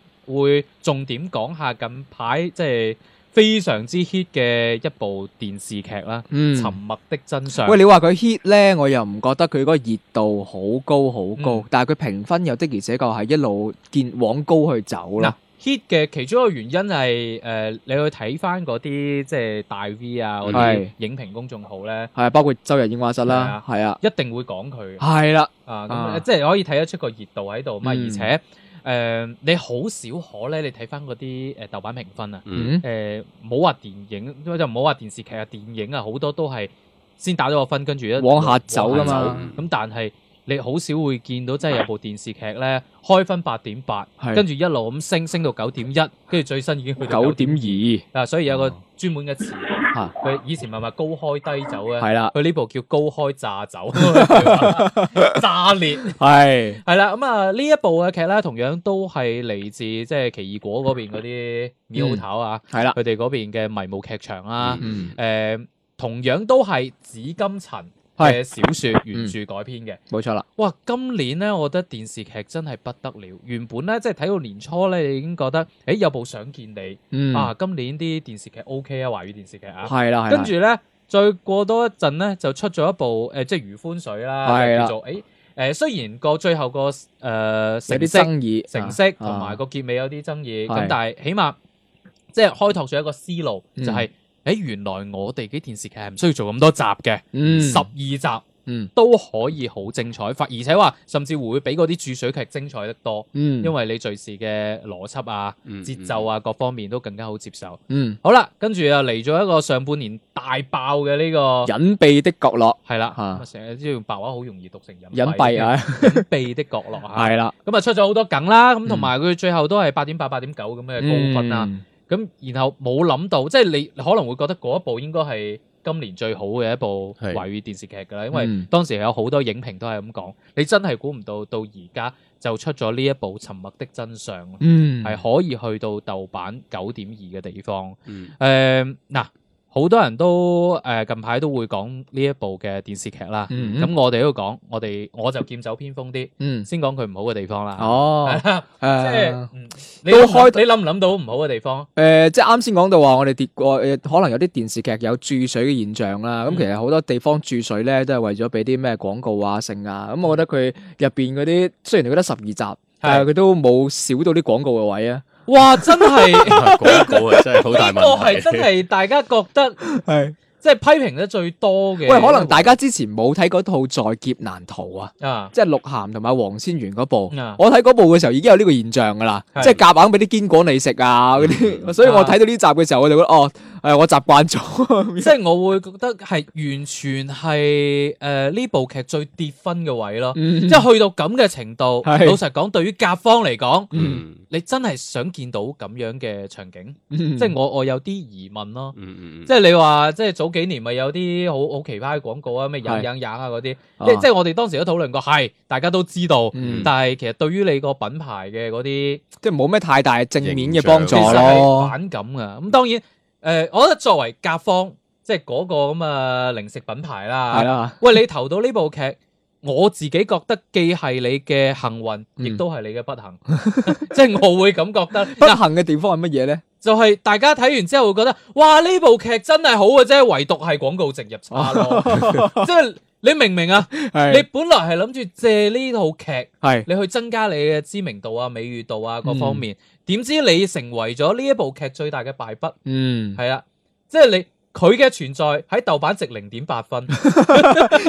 會重點講下近排即係非常之 hit 嘅一部電視劇啦。嗯，沉默的真相。喂，你話佢 hit 咧，我又唔覺得佢嗰個熱度好高好高，但係佢評分又的而且確係一路見往高去走啦。hit 嘅其中一個原因係誒，你去睇翻嗰啲，即係大 V 啊，影評公眾號咧，係啊，包括周日櫻花室啦，係啊，一定會講佢。係啦，啊，即係可以睇得出個熱度喺度嘛，而且。誒、呃，你好少可咧，你睇翻嗰啲豆瓣評分啊，唔好話電影，就唔好話電視劇啊，電影啊好多都係先打咗個分，跟住一往下走噶嘛，咁但係。你好少會見到，即係有部電視劇咧開分八點八，跟住一路咁升升到九點一，跟住最新已經去到九點二。啊，所以有個專門嘅詞，佢、嗯、以前咪係高開低走嘅，係啦，佢呢部叫高開炸走，是 炸裂，係係啦。咁啊，呢一部嘅劇咧、嗯嗯嗯，同樣都係嚟自即係奇異果嗰邊嗰啲苗頭啊，係啦，佢哋嗰邊嘅迷霧劇場啊，誒，同樣都係紫金陳。係小説原著改編嘅，冇、嗯、錯啦。哇，今年咧，我覺得電視劇真係不得了。原本咧，即係睇到年初咧，你已經覺得，誒，有部想見你。嗯。啊，今年啲電視劇 O、OK、K 啊，華語電視劇啊。係啦，係啦，跟住咧，再過多一陣咧，就出咗一部誒、呃，即係《余歡水》啦，叫做誒。誒、呃，雖然個最後個誒、呃、有啲爭議，成色同埋個結尾有啲爭議，咁但係起碼即係開拓咗一個思路，嗯、就係、是。誒，原來我哋啲電視劇係唔需要做咁多集嘅，十二集，嗯，都可以好精彩，發而且話甚至會比嗰啲注水劇精彩得多，嗯，因為你敘事嘅邏輯啊、嗯嗯、節奏啊各方面都更加好接受，嗯，好啦，跟住啊嚟咗一個上半年大爆嘅呢、這個隱秘的角落，係啦，成日都要用白話，好容易讀成隱,秘隱蔽啊， 隱秘的角落，係啦，咁 啊、嗯、出咗好多梗啦，咁同埋佢最後都係八點八、八點九咁嘅高分啦。嗯咁然後冇諗到，即係你可能會覺得嗰一部應該係今年最好嘅一部華語電視劇㗎啦，因為當時有好多影評都係咁講。你真係估唔到到而家就出咗呢一部《沉默的真相》，係、嗯、可以去到豆瓣九點二嘅地方。嗱、嗯。呃好多人都誒近排都會講呢一部嘅電視劇啦，咁、嗯、我哋都講，我哋我就劍走偏鋒啲、嗯，先講佢唔好嘅地方啦。哦，即、 嗯、你都開，你諗唔諗到唔好嘅地方？誒、呃，即啱先講到話，我哋跌過可能有啲電視劇有注水嘅現象啦。咁、嗯、其實好多地方注水咧，都係為咗俾啲咩廣告啊、性啊。咁、嗯嗯、我覺得佢入面嗰啲雖然佢得十二集，但佢都冇少到啲廣告嘅位啊。哇！真係呢個係真係大， 大家覺得係，即 係、就是、批評得最多嘅。喂，可能大家之前冇睇嗰套《在劫難逃、啊》啊，即係鹿晗同埋王千源嗰部。啊、我睇嗰部嘅時候已經有呢個現象噶啦、啊，即係夾硬俾啲堅果你食啊嗰啲。 所以我睇到呢集嘅時候，我就覺得哦。誒、哎，我習慣咗， 即係我會覺得係完全係誒呢部劇最跌分嘅位咯，嗯、即係去到咁嘅程度，老實講，對於甲方嚟講、嗯，你真係想見到咁樣嘅場景，嗯、即係我我有啲疑問咯，嗯、即係你話即係早幾年咪有啲好好奇葩嘅廣告啊，咩有飲飲啊嗰啲，即即係我哋當時都討論過，係大家都知道，嗯、但係其實對於你個品牌嘅嗰啲，即係冇咩太大正面嘅幫助咯，其實係反感啊，咁當然。誒、呃，我覺得作為甲方，即係嗰個咁零食品牌啦，係啦，喂，你投到呢部劇，我自己覺得既係你嘅幸運，亦都係你嘅不幸，即 係 我會噉覺得 不幸嘅地方係乜嘢呢？就係、是、大家睇完之後會覺得，哇！呢部劇真係好嘅啫，唯獨係廣告植入差咯，即 係、 就是、你明唔明白啊， 你本來係諗住借呢套劇，係你去增加你嘅知名度啊、美譽度啊各方面。嗯點知你成為咗呢一部劇最大嘅敗筆？嗯，係啦，即係你佢嘅存在喺豆瓣值零點八分， 就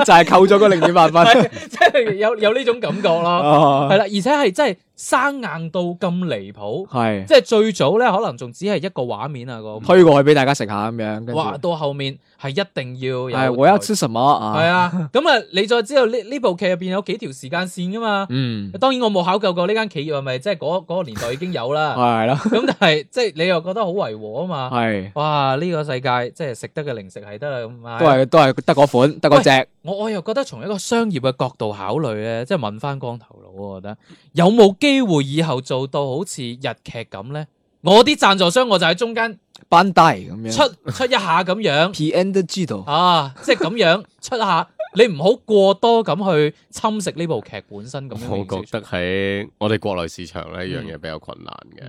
係扣咗個零點八分，即 係有有呢種感覺咯，係 啦，而且係真係。生硬到咁離譜，係，即係最早咧，可能仲只係一個畫面啊，個推過去俾大家食下咁樣。哇！到後面係一定要一。係我要食什麼？係啊，咁啊， 嗯、你再知道呢呢部劇入邊有幾條時間線㗎嘛？嗯，當然我冇考究過呢間企業係咪即係嗰個年代已經有啦。係啦。咁但係 即係你又覺得好違和啊嘛？係。哇！呢、呢個世界即係食得嘅零食係得啦咁。都係、啊、都係得嗰款，得嗰隻。哎只我我又覺得從一個商業嘅角度考慮呢即係問返光頭佬，我覺得有冇有機會以後做到好似日劇咁呢？我啲贊助商我就喺中間班帶咁樣出出一下咁樣，P N 都啊，即係咁樣出一下。 你唔好過多咁去侵蝕呢部劇本身咁。我覺得喺我哋國內市場呢一樣嘢比較困難嘅，係、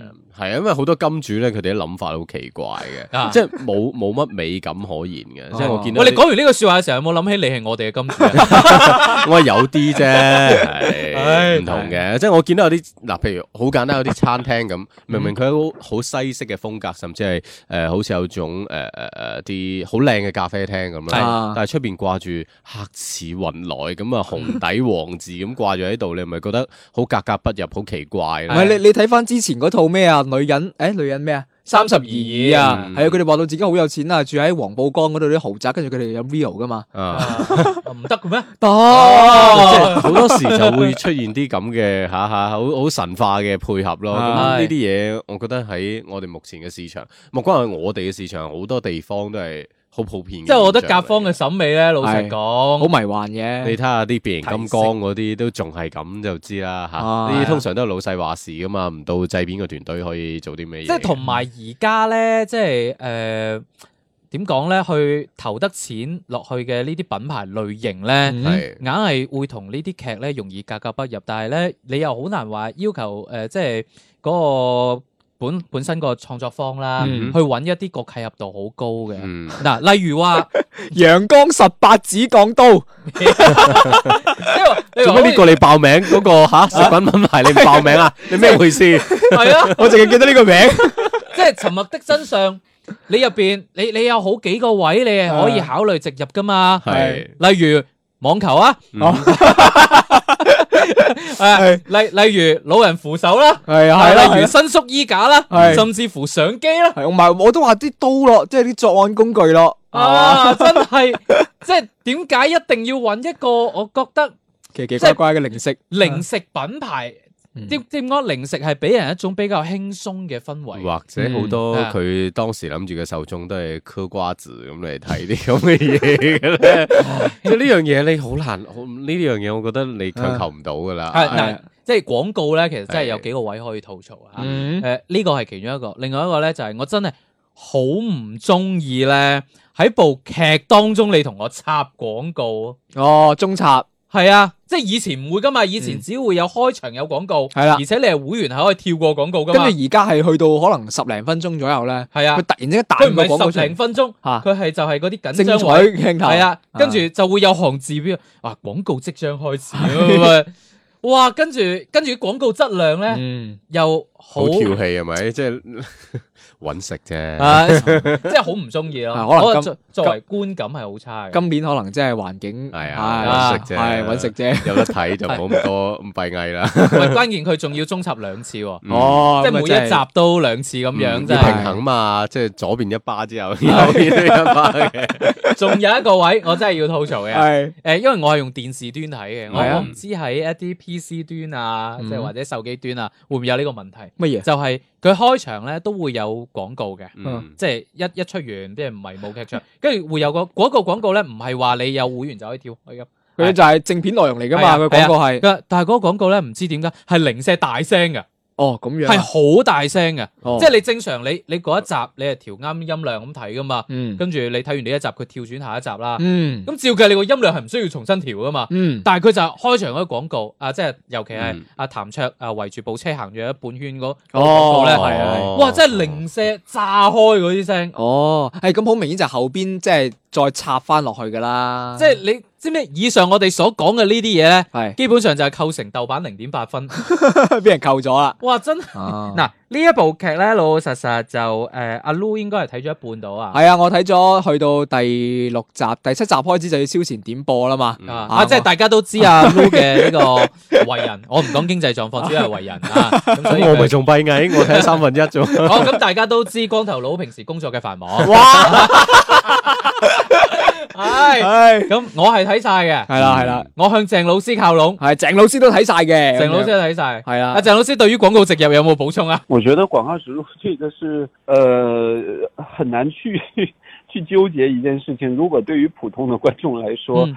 嗯、啊，因為好多金主咧，佢哋啲諗法好奇怪嘅，啊、即係冇冇乜美感可言嘅。啊、即係我見到。喂，你講完呢個説話嘅時候，有冇諗起你係我哋嘅金主？ 我話有啲啫，係 唔同嘅。即係、就是、我見到有啲嗱，譬如好簡單有啲餐廳咁，嗯、明明佢好好西式嘅風格，甚至係、呃、好似有種誒誒誒啲好靚嘅咖啡廳咁啦，啊、但係出邊掛住客。似雲來咁啊，紅底黃字咁掛住喺度， 你係咪覺得好格格不入，好奇怪？唔係你你睇返之前嗰套咩啊？女人，誒、欸、女人咩啊？三十而已啊，係啊！佢哋話到自己好有錢啊，住喺黃浦江嗰度啲豪宅，跟住佢哋有 Vivo 㗎嘛，唔得嘅咩？得、 啊 啊，即係好多時就會出現啲咁嘅嚇嚇，好 好、啊、神化嘅配合咯。呢啲嘢，我覺得喺我哋目前嘅市場，唔光係我哋嘅市場，好多地方都係。好普遍，即係我覺得甲方嘅審美咧，老實講，好迷幻嘅。你睇下啲變形金剛嗰啲都仲係咁就知啦吓。呢啲、啊、通常都係老細話事噶嘛，唔到製片嘅團隊可以做啲咩嘢？即係同埋而家咧，即係誒，點講咧？去投得錢落去嘅呢啲品牌類型咧，硬係、嗯、會同呢啲劇咧容易格格不入。但係咧，你又好難話要求誒、呃，即係嗰、那個。本本身個創作方啦、嗯，去揾一啲個契合度好高嘅，嗱、嗯，例如話陽江十八子鋼刀，做乜呢個你報名？嗰、那個、啊啊、食品品牌你唔報名啊？ 你咩回事？係啊，我淨係記得呢個名，即 係沉默的真相，你入邊你你有好幾個位，你係可以考慮植入噶嘛？係、啊，例如。網球啊，誒，例例如老人扶手啦，係係，例如伸縮衣架啦，甚至乎相機啦，同埋我都話啲刀咯，即係啲作案工具咯，啊，真係，即係點解一定要揾一個？我覺得奇奇怪怪嘅零食，零食品牌。啲啲咁零食係俾人一種比較輕鬆嘅氛圍，或者好多佢當時諗住嘅受眾都係嗑瓜子咁嚟睇啲咁嘅嘢嘅咧。即係呢樣嘢你好難，呢樣嘢我覺得你強求唔到噶啦。係、啊、嗱，即係廣告咧，其實真係有幾個位可以吐槽、嗯、啊。誒，呢個係其中一個，另外一個咧就係我真係好唔中意咧喺部劇當中你同我插廣告哦，中插。係啊，即係以前唔會噶嘛，以前只會有開場有廣告，係、嗯、啦，而且你係會員係可以跳過廣告噶嘛。跟住而家係去到可能十零分鐘左右咧，係啊，佢突然之間打個廣告，佢唔係十零分鐘，吓佢係就係嗰啲緊張，精彩鏡頭，係啊，跟住就會有行字俾你，哇、啊，廣告即將開始 是哇，跟住跟住廣告質量咧、嗯，又好跳戲係咪？即係揾食啫，即係好唔中意咯。可能我作為為觀感係好差嘅。今年可能即係環境係啊，揾、啊啊啊啊、食啫，揾、啊、食啫。有得睇就冇咁多咁 閉翳啦。 關鍵佢仲要中插兩次喎、嗯哦，即係每一集都兩次咁樣。嗯平衡嗯、平衡嘛，即係左邊一巴巴之後，右邊都、啊、一巴巴。仲 有一個位，我真係要吐槽嘅。係誒、啊，因為我係用電視端睇嘅、啊，我唔知喺一啲。PC 端啊，即、嗯、係或者手機端啊，會唔會有呢個問題？乜嘢？就係、是、佢開場咧都會有廣告嘅、嗯，即係一一出完俾人迷霧劇場，跟、嗯、住會有個嗰、那個廣告咧，唔係話你有會員就可以跳，佢就係正片內容嚟噶嘛，是啊，那個廣告係、啊啊。但係嗰個廣告咧，唔知點解係零舍大聲嘅。哦，咁樣係、啊、好大聲嘅、哦，即係你正常你你嗰一集你係調啱音量咁睇噶嘛，跟、嗯、住你睇完呢一集佢跳轉下一集啦，咁、嗯、照計你個音量係唔需要重新調噶嘛，嗯、但係佢就開場嗰啲廣告，啊，即係尤其係阿譚卓啊圍住部車行咗一半圈嗰個呢，哇真係零舍炸開嗰啲聲，哦，係咁好明顯就後邊即係。再插翻落去噶啦，即係你知唔知以上我哋所講嘅呢啲嘢咧，係基本上就係構成豆瓣零點八分， 俾人扣咗啦。哇！真嗱呢、啊、一部劇咧，老老實實就阿、啊、Lu 應該係睇咗一半到啊。係啊，我睇咗去到第六集、第七集開始就要超前點播啦嘛、嗯。啊，啊，啊啊、即係大家都知阿 Lu 嘅呢個為人， 我唔講經濟狀況，主要係為人啊 咁所以我咪仲閉翳，我睇咗三分一啫。好咁，大家都知光頭佬平時工作嘅繁忙。啊 係、 哎，咁、哎、我係睇晒嘅，係啦係啦，我向鄭老師靠攏，係鄭老師都睇晒嘅，鄭老師都睇晒，係啦，阿、啊、鄭老師對於廣告植入有冇補充啊？我覺得廣告植入這個是，呃，很難去去糾結一件事情。如果對於普通的觀眾來說，嗯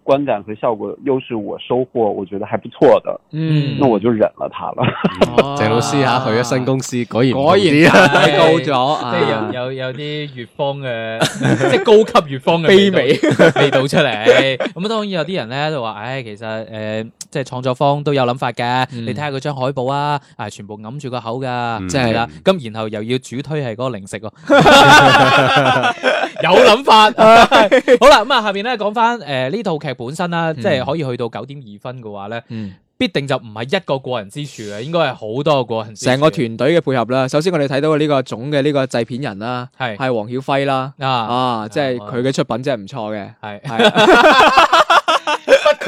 觀感和效果又是我收穫，我覺得還不錯的，嗯，那我就忍了他了。謝老師吓，去咗新公司，果然果然高咗，啊，即係有有有啲乙方嘅， 即係高級乙方嘅卑微味道出嚟。咁、 哎、當然有啲人咧就話，唉、哎，其實誒、呃，即係創作方都有諗法嘅、嗯，你睇下佢張海報啊，啊、哎，全部揞住個口噶，即係啦，咁、就是嗯、然後又要主推係嗰個零食、哦， 有諗想法、 哎。好啦，咁、嗯、啊，下面咧講翻誒呢、呃、套劇。本身啦，即係可以去到九點二分嘅話咧，嗯，必定就唔係一個過人之處嘅，應該係好多個過人之處。成個團隊嘅配合啦，首先我哋睇到呢個總嘅呢個製片人啦，係係黃曉輝啦，啊，即係佢嘅出品真係唔錯嘅。啊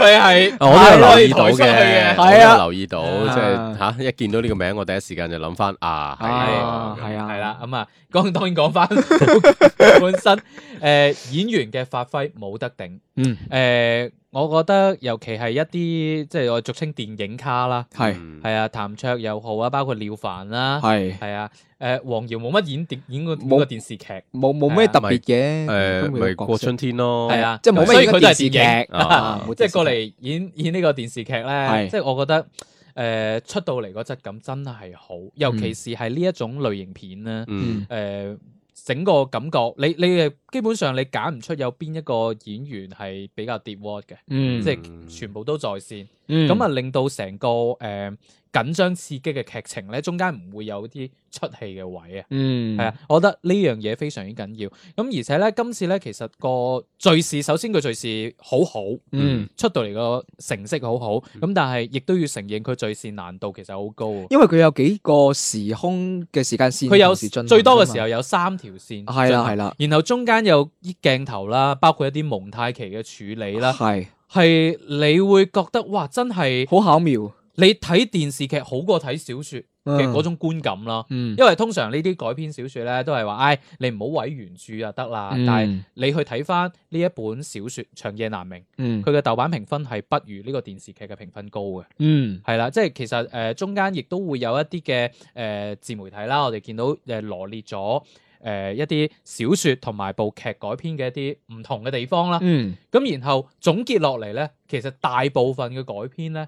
佢係，我都係留意到嘅，係啊，留意到，即係嚇一見到呢個名，我第一時間就諗翻啊，係啊，係啦，咁啊，講、啊啊啊啊啊啊啊、當然講翻 本身，誒、呃、演員嘅發揮冇得頂，嗯，誒、呃。我覺得尤其係一啲即係我俗稱電影咖啦，係係啊，譚卓又好啊，包括廖凡啦，係係啊，誒、呃，黃耀冇乜演演個電視電視劇，冇冇咩特別嘅，誒、啊，咪、呃、過春天咯、啊，係啊，即係冇咩，佢都係電視劇即係、啊啊就是、過嚟演演呢個電視劇咧，即係、就是、我覺得、呃、出到嚟質質感真係好，尤其是係呢一種類型片咧，嗯呃整個感覺，你你基本上你揀唔出有邊一個演員係比較跌 watt 嘅，嗯，即係全部都在線。咁、嗯、啊，令到成個誒緊張刺激嘅劇情咧，中間唔會有啲出戲嘅位啊，係、嗯、啊，我覺得呢樣嘢非常之緊要。咁而且咧，今次咧，其實個敘事首先個敘事好好，嗯，出到嚟個成色好好。咁、嗯、但係亦都要承認，佢敘事難度其實好高啊。因為佢有幾個時空嘅時間線，佢有最多嘅時候有三條線，係啦，係啦。然後中間有啲鏡頭啦，包括一啲蒙太奇嘅處理啦，係。係你會覺得哇，真係好巧妙！你睇電視劇好過睇小說嘅嗰種觀感啦。嗯，因為通常呢啲改編小說咧都係話，唉、哎，你唔好毀原著就得啦，嗯。但係你去睇翻呢一本小說《長夜難明》，嗯，佢嘅豆瓣評分係不如呢個電視劇嘅評分高嘅。嗯，係啦，即係其實誒、呃、中間亦都會有一啲嘅誒自媒體啦，我哋見到誒、呃、羅列咗。呃、一啲小説同埋部劇改編嘅一啲唔同嘅地方啦，嗯，咁然後總結落嚟咧，其實大部分嘅改編咧，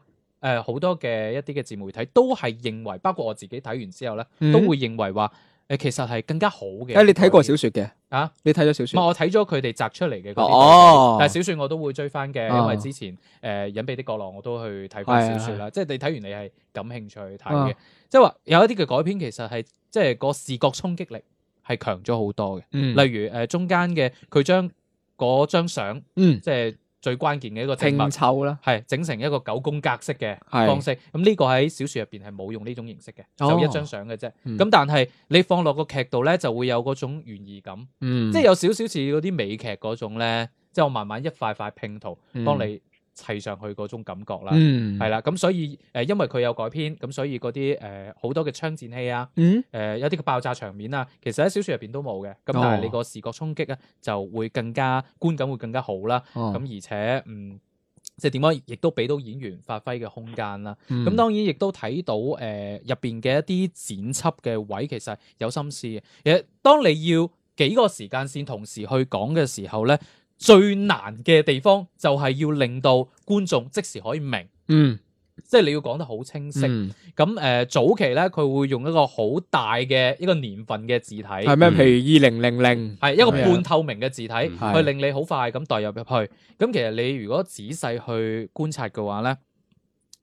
好、呃、多嘅一啲嘅自媒體都係認為，包括我自己睇完之後咧、嗯，都會認為話、呃、其實係更加好嘅。你睇過小説嘅啊？你睇咗小説、啊？我睇咗佢哋摘出嚟嘅嗰啲，但小説我都會追翻嘅，因為之前誒隱、呃、秘的角落我都去睇翻小説啦，啊、即係你睇完你係感興趣去睇嘅、哦，即係話有一啲嘅改編其實係即係個視覺衝擊力。係強咗好多嘅、嗯，例如誒、呃、中間嘅佢將嗰張相，嗯、即係最關鍵嘅一個拼湊啦，係整成一個九宮格式嘅方式。咁呢、嗯這個喺小説入邊係冇用呢種形式嘅，就、哦、一張相嘅啫。咁、嗯、但係你放落個劇度咧，就會有嗰種懸疑感，即係有少少似嗰啲美劇嗰種咧，即係、嗯、我慢慢一塊塊拼圖幫、嗯、你。砌上去嗰種感覺啦，係、嗯、啦，咁所以誒、呃，因為佢有改編，咁所以嗰啲誒好多嘅槍戰戲啊，誒、嗯呃、有啲嘅爆炸場面啊，其實喺小説入邊都冇嘅，咁但係你個視覺衝擊咧就會更加觀感會更加好啦，咁、哦、而且嗯，即係點講，亦都俾到演員發揮嘅空間啦。咁、嗯、當然亦都睇到誒入邊嘅一啲剪輯嘅位，其實有心思嘅。其實當你要幾個時間線同時去講嘅時候咧，最難嘅地方就係要令到觀眾即時可以明，嗯，即係你要講得好清晰。咁、嗯、誒、呃，早期咧，佢會用一個好大嘅一個年份嘅字體，係咩、嗯？譬如二零零零，係一個半透明嘅字體的，去令你好快咁代入入去。咁其實你如果仔細去觀察嘅話咧，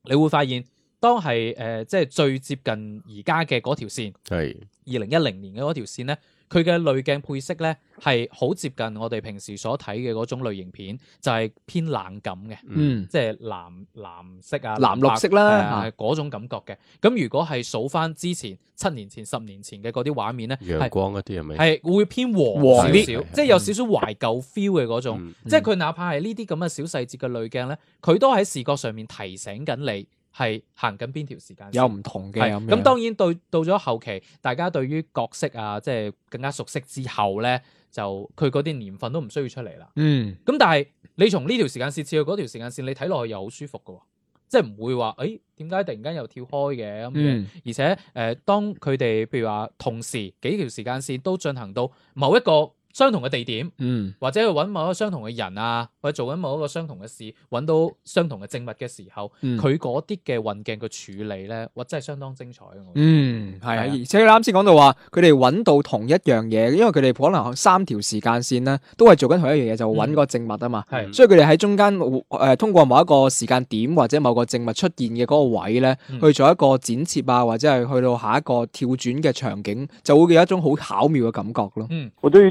你會發現當，當係誒，即係最接近而家嘅嗰條線，係二零一零年嘅嗰條線咧，佢嘅濾鏡配色咧係好接近我哋平時所睇嘅嗰種類型片，就係、是、偏冷感嘅、嗯，即係藍藍色啊、藍綠色啦嗰、啊、種感覺嘅。咁、嗯、如果係數翻之前七年前、十年前嘅嗰啲畫面咧，陽光嗰啲係咪？係會偏黃黃啲，即係、就是、有少少懷舊 feel 嘅嗰種。嗯、即係佢哪怕係呢啲咁嘅小細節嘅濾鏡咧，佢都喺視覺上面提醒緊你。係行緊邊條時間線？有唔同嘅咁。咁當然對到到咗後期，大家對於角色啊，即係更加熟悉之後咧，就佢嗰啲年份都唔需要出嚟啦。嗯。咁但係你從呢條時間線切到嗰條時間線，你睇落去又好舒服喎，即係唔會話，誒點解突然間又跳開嘅咁樣。嗯。而且誒、呃，當佢哋譬如話同時幾條時間線都進行到某一個。相同嘅地點，嗯、或者去揾某一個相同嘅人啊，或者做緊某一個相同嘅事，揾到相同嘅證物嘅時候，佢嗰啲嘅運鏡嘅處理咧，或真係相當精彩嘅。嗯，係啊，而且你啱先講到話，佢哋揾到同一樣嘢，因為佢哋可能三條時間線咧，都係做緊同一樣嘢，就揾個證物啊嘛、嗯。所以佢哋喺中間誒、呃、通過某一個時間點或者某個證物出現嘅嗰個位咧、嗯，去做一個剪切啊，或者係去到下一個跳轉嘅場景，就會有一種好巧妙嘅感覺咯。嗯，我都要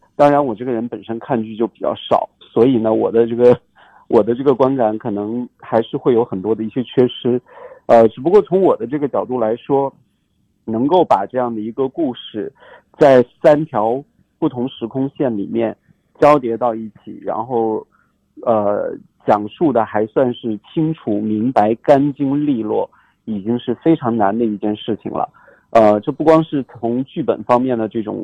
當然，我這個人本身看劇就比較少，所以呢，我的這個，我的這個觀感可能還是會有很多的一些缺失。呃，只不過從我的這個角度來說，能夠把這樣的一個故事在三條不同時空線裏面交疊到一起，然後，呃，講述的還算是清楚明白、乾淨利落，已經是非常難的一件事情了。呃，這不光是從劇本方面的這種。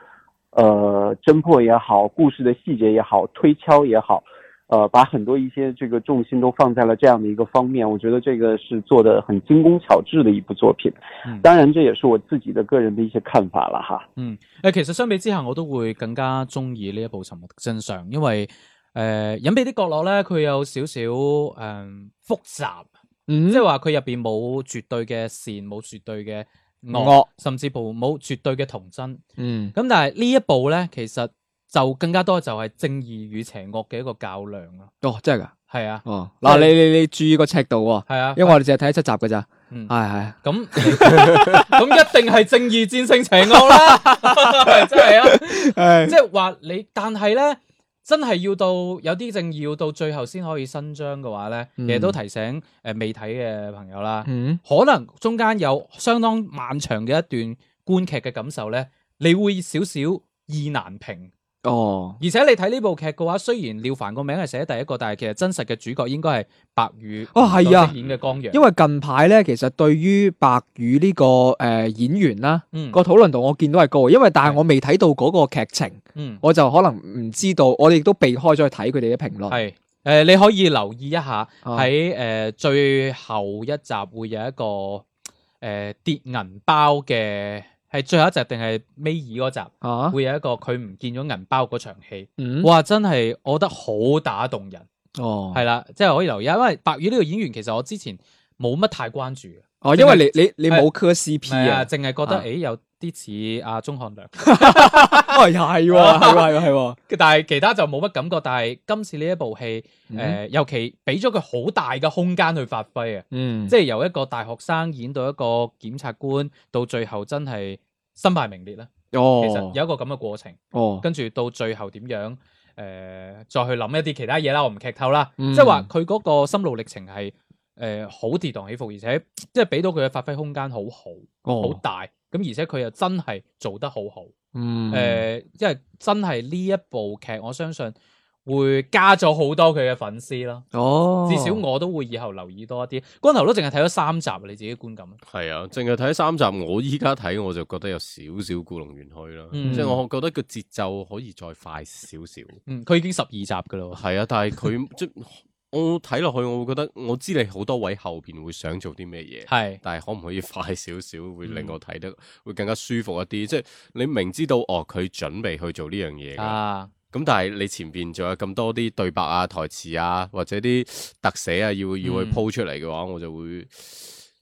呃、偵破也好，故事的細節也好，推敲也好、呃，把很多一些這個重心都放在了這樣的一個方面，我覺得這個是做的很精工巧致的一部作品，當然這也是我自己的個人的一些看法啦，哈。嗯，誒、呃，其實相比之下我都會更加中意呢一部《沉默的真相》，因為誒、呃、隱秘的角落咧，佢有少少、嗯、複雜，嗯、即係話佢入邊冇絕對嘅善，冇絕對嘅惡，甚至部冇絕對嘅童真。嗯，咁但係呢一部咧，其實就更加多就係正義與邪惡嘅一個較量咯、啊。哦，真係噶？係啊。哦，嗱、啊啊，你你你注意個尺度喎、啊。係啊，因為我哋淨係睇七集噶咋。嗯，係、哎、係。咁咁、啊嗯、 一定係正義戰勝邪惡啦。 真係啊。係、啊。即係話你，但係咧。真係要到有啲正義要到最後先可以伸張嘅話咧，亦、嗯、都提醒未睇嘅朋友啦、嗯，可能中間有相當漫長嘅一段觀劇嘅感受咧，你會少少意難平。哦，而且你睇呢部劇嘅話，雖然廖凡個名係寫第一個，但係其實真實嘅主角應該係白宇哦，係啊演嘅江陽，因為近排咧，其實對於白宇呢、這個誒、呃、演員啦，個、嗯、討論度我見到係高，因為但係我未睇到嗰個劇情，我就可能唔知道，我哋亦都避開咗去睇佢哋嘅評論。係誒、呃，你可以留意一下喺誒、啊呃、最後一集會有一個誒、呃、跌銀包嘅。係最後一集定係尾二嗰集、啊，會有一個佢唔見咗銀包嗰場戲、嗯。哇，真係我覺得好打動人。哦，係啦，即係可以留意下，因為白宇呢個演員其實我之前冇乜太關注哦，因為你你你冇磕 CP 啊，淨係覺得誒有。啲似阿鍾漢良，哦，又係，係喎，係喎，但係其他就冇乜感覺。但係今次呢一部戲，誒、嗯，尤其俾咗佢好大嘅空間去發揮啊，嗯，即係由一個大學生演到一個檢察官，到最後真係身敗名裂。哦，其實有一個咁嘅過程，哦，跟住到最後點樣，誒、呃，再去諗一啲其他嘢啦，我唔劇透啦、嗯。即係話佢嗰個心路歷程係，誒、呃，好跌宕起伏，而且即係俾到佢嘅發揮空間好好，好、哦、大。咁而且佢又真係做得好好，誒、嗯，因為真係呢一部劇，我相信會加咗好多佢嘅粉絲囉。哦，至少我都會以後留意多一啲。光頭都淨係睇咗三集，你自己觀感？係啊，淨係睇三集，我依家睇我就覺得有少少顧龍完去囉，即、嗯、係、就是、我覺得個節奏可以再快少少。佢、嗯、已經十二集噶啦，係啊，但係佢即。 我睇落去，我會覺得我知你好多位後面會想做啲咩嘢，係，但係可唔可以快少少，會令我睇得會更加舒服一啲、嗯？即係你明知道哦，佢準備去做呢樣嘢，啊，咁但係你前面仲有咁多啲對白啊、台詞啊，或者啲特寫啊，要要去鋪出嚟嘅話、嗯，我就會。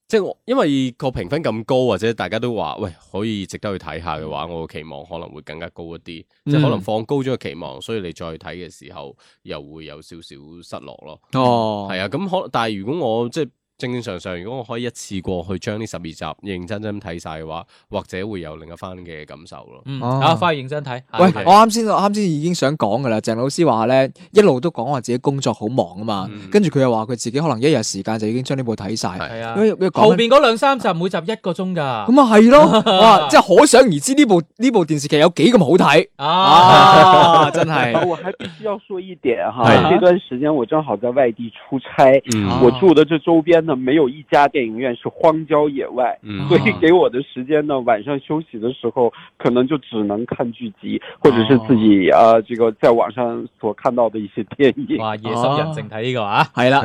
即係我，因為個評分咁高，或者大家都話喂，可以值得去睇下嘅話，我期望可能會更加高一啲，嗯，即係可能放高咗個期望，所以你再睇嘅時候又會有少少失落咯。哦，係啊，咁可但係如果我即係。正正常常，如果我可以一次過去將呢十二集認認真真咁睇晒嘅話，或者會有另一番嘅感受咯、嗯、啊翻、啊、去認真睇喂、okay、我啱先啱先已經想講噶啦鄭老師話呢，一路都講話自己工作好忙啊嘛、嗯、跟住佢又話佢自己可能一日時間就已經將呢部睇晒、嗯、後邊嗰兩三集每集一個鐘噶咁啊係咯 哇，即係可想而知呢部呢部電視劇有幾咁好睇啊，啊真係 我還必須要說一點吓呢、 啊、段時間我正好在外地出差、啊、我住得就周邊沒有一家電影院是荒郊野外，所以給我的時間呢，晚上休息的時候，可能就只能看劇集，或者是自己啊，這個在網上所看到的一些電影。哇，夜深人靜睇呢、哦、個啊，係啦，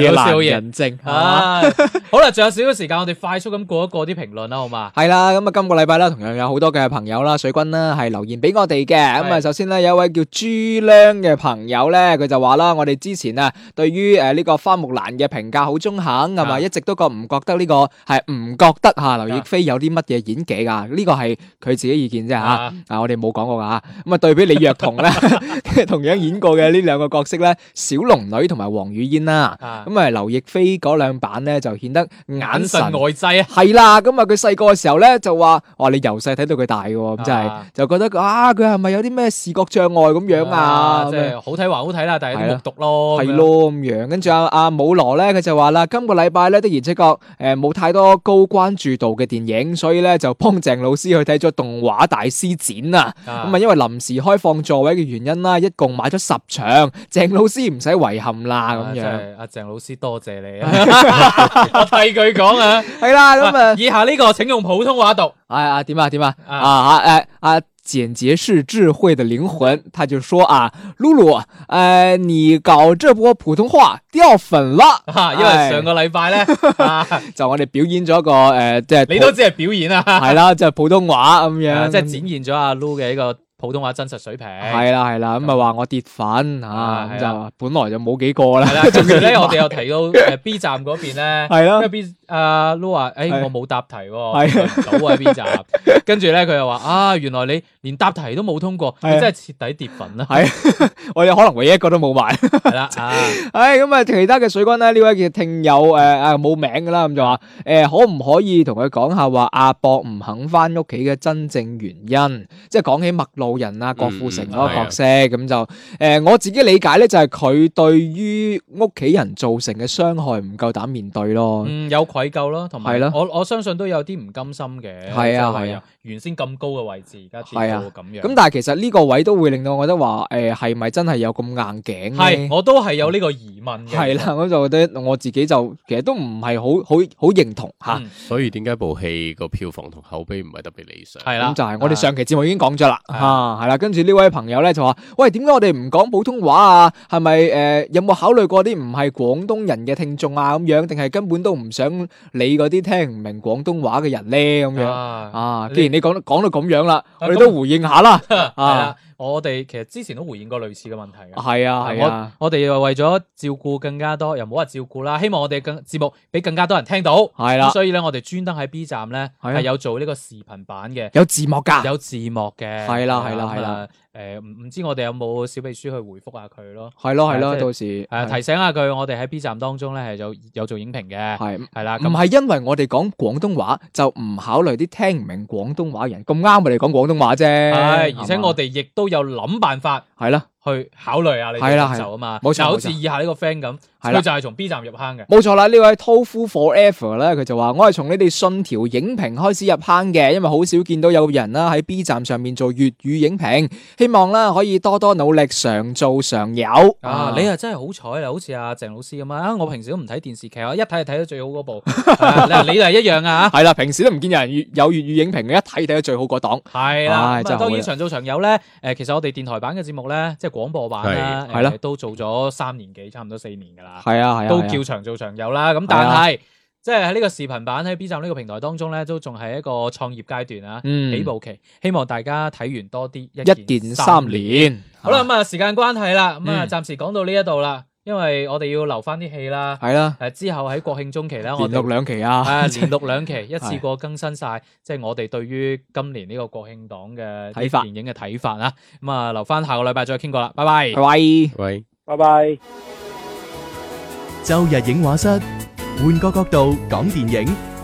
夜 深人靜 啊， 好啦，仲有少少時間，我哋快速咁過一過啲評論啦，好嘛？係啦，咁啊，今個禮拜啦，同樣有好多嘅朋友啦，水軍啦係留言俾我哋嘅，咁啊，首先咧有一位叫朱靚嘅朋友咧，佢就話啦，我哋之前啊，對於誒呢個花木蘭嘅評價好中肯。啊、一直都覺唔覺得呢個係唔覺得吓劉亦菲有啲乜嘢演技噶？呢個係佢自己意見啫吓，啊，啊我哋冇講過噶吓。咁啊對比李若彤咧， 同樣演過嘅呢兩個角色咧，小龍女同埋王語嫣啦。咁啊劉亦菲嗰兩版咧就顯得眼神呆滯啊。係啦，咁啊佢細個嘅時候咧就話，哇你由細睇到佢大噶喎，咁就係就覺得佢啊佢係咪有啲咩視覺障礙咁樣啊？啊即係好睇還好睇啦，但係都目讀咯，係咯咁樣。跟住阿阿武羅咧，佢、啊、就話啦，今個。禮拜咧，的然即個誒冇太多高關注度嘅電影，所以咧就幫鄭老師去睇咗動畫大師展啊。咁啊，因為臨時開放座位嘅原因啦，一共買咗十場，鄭老師唔使遺憾啦咁樣。阿、啊、鄭、就是啊、老師多謝你啊！我替佢講啊，係 啦咁啊。以下呢個請用普通話讀。係啊，點啊點啊啊吓誒啊！啊啊啊簡潔是智慧的靈魂，他就說啊，露露，哎，你搞這波普通話掉粉了、啊、因為上個禮拜咧、哎 啊，就我哋表演咗一個誒，即、呃、係、就是、你都只係表演啊，係 啦、啊，就是、普通話咁樣，即、啊、係、就是、展現咗阿露嘅一個。普通話真實水平，係啦係啦，咁咪話我跌粉、啊啊、就本來就冇幾個啦。跟住咧，我哋又提到誒 B 站嗰邊咧，係咯，B 阿 Lu 話誒我冇答題喎，係，喺 B 站？跟住咧，佢又話啊，原來你連答題都冇通過，你真係徹底跌粉啦。係、啊，我有可能唯一一個都冇埋。係啦，咁 啊，啊，其他嘅水軍咧，呢位嘅聽友誒冇名噶啦，咁就話誒、呃、可唔可以同佢講下話阿博唔肯翻屋企嘅真正原因？即係講起脈絡。冇人啦，郭富城嗰個角色咁、嗯啊、就誒、呃，我自己理解咧，就係、是、佢對於屋企人造成嘅傷害唔夠膽面對咯，嗯，有愧疚咯，同埋我、啊、我，我相信都有啲唔甘心嘅，係啊，啊、就是。原先咁高嘅位置，而家轉到咁樣，咁、啊、但係其實呢個位都會令到我覺得話誒，係、呃、咪真係有咁硬頸係，我都係有呢個疑問嘅，係啦、啊，我就覺得我自己就其實都唔係好好好認同吓、嗯啊，所以點解部戲個票房同口碑唔係特別理想？係啦、啊，就係我哋上期節目已經講咗啦。啊，係啦，跟住呢位朋友咧，就話：喂，點解我哋唔講普通話啊？係咪誒，有冇考慮過啲唔係廣東人嘅聽眾啊？咁樣，定係根本都唔想理嗰啲聽唔明廣東話嘅人咧？咁樣，啊，啊既然你講得講到咁樣啦，啊，我哋都回應下啦，啊。啊我哋其實之前都回應過類似嘅問題嘅，係啊，係啊。我哋又為咗照顧更加多，又唔好話照顧啦，希望我哋更節目俾更加多人聽到，係啦、啊。所以咧，我哋專登喺 B 站咧係有做呢個視頻版嘅、啊，有字幕噶，有字幕嘅，係啦、啊，係啦、啊，係啦、啊。是啊是啊誒，唔唔知我哋有冇小秘書去回覆下佢咯？係咯，係咯，到時誒、啊、提醒下佢，我哋喺 B 站當中咧係有有做影評嘅，係係啦。唔係因為我哋講廣東話就唔考慮啲聽唔明廣東話人，咁啱我哋講廣東話啫。係，而且我哋亦都有諗辦法。係啦。去考慮啊！你嘅時啊嘛，就好似以下呢個 friend 咁，佢就係從 B 站入坑嘅。冇錯啦，呢位 Tofu Forever 咧，佢就話：我係從你哋信條影評開始入坑嘅，因為好少見到有人啦喺 B 站上面做粵語影評。希望啦可以多多努力，常做常有。啊，你啊真係好彩啊，好似阿鄭老師咁啊！我平時都唔睇電視劇，啊一睇就睇到最好嗰部。 你又係一樣啊係啦，平時都唔見有人有粵語影評嘅，一睇睇到最好嗰檔。係啦，咁、哎嗯、當然常做常有咧。其實我哋電台版嘅節目咧，即係廣播版啦，係咯、啊呃，都做咗三年幾，差唔多四年噶啦，係啊，係啊，都叫長做長有啦。咁、啊、但係、啊，即係喺呢個視頻版喺 B 站呢個平台當中咧，都仲係一個創業階段啊、嗯，起步期。希望大家睇完多啲，一鍵三連。好啦，咁啊，嗯、時間關係啦，咁啊，暫時講到呢一度啦。因為我哋要留翻啲戲啦，係啦，誒之後喺國慶中期咧，錄兩期啊，錄兩期一次過更新晒，即係我哋對於今年呢個國慶檔嘅電影嘅睇法啊，咁啊留翻下個禮拜再傾過啦，拜拜，拜拜，拜拜，週日影畫室換個角度講電影。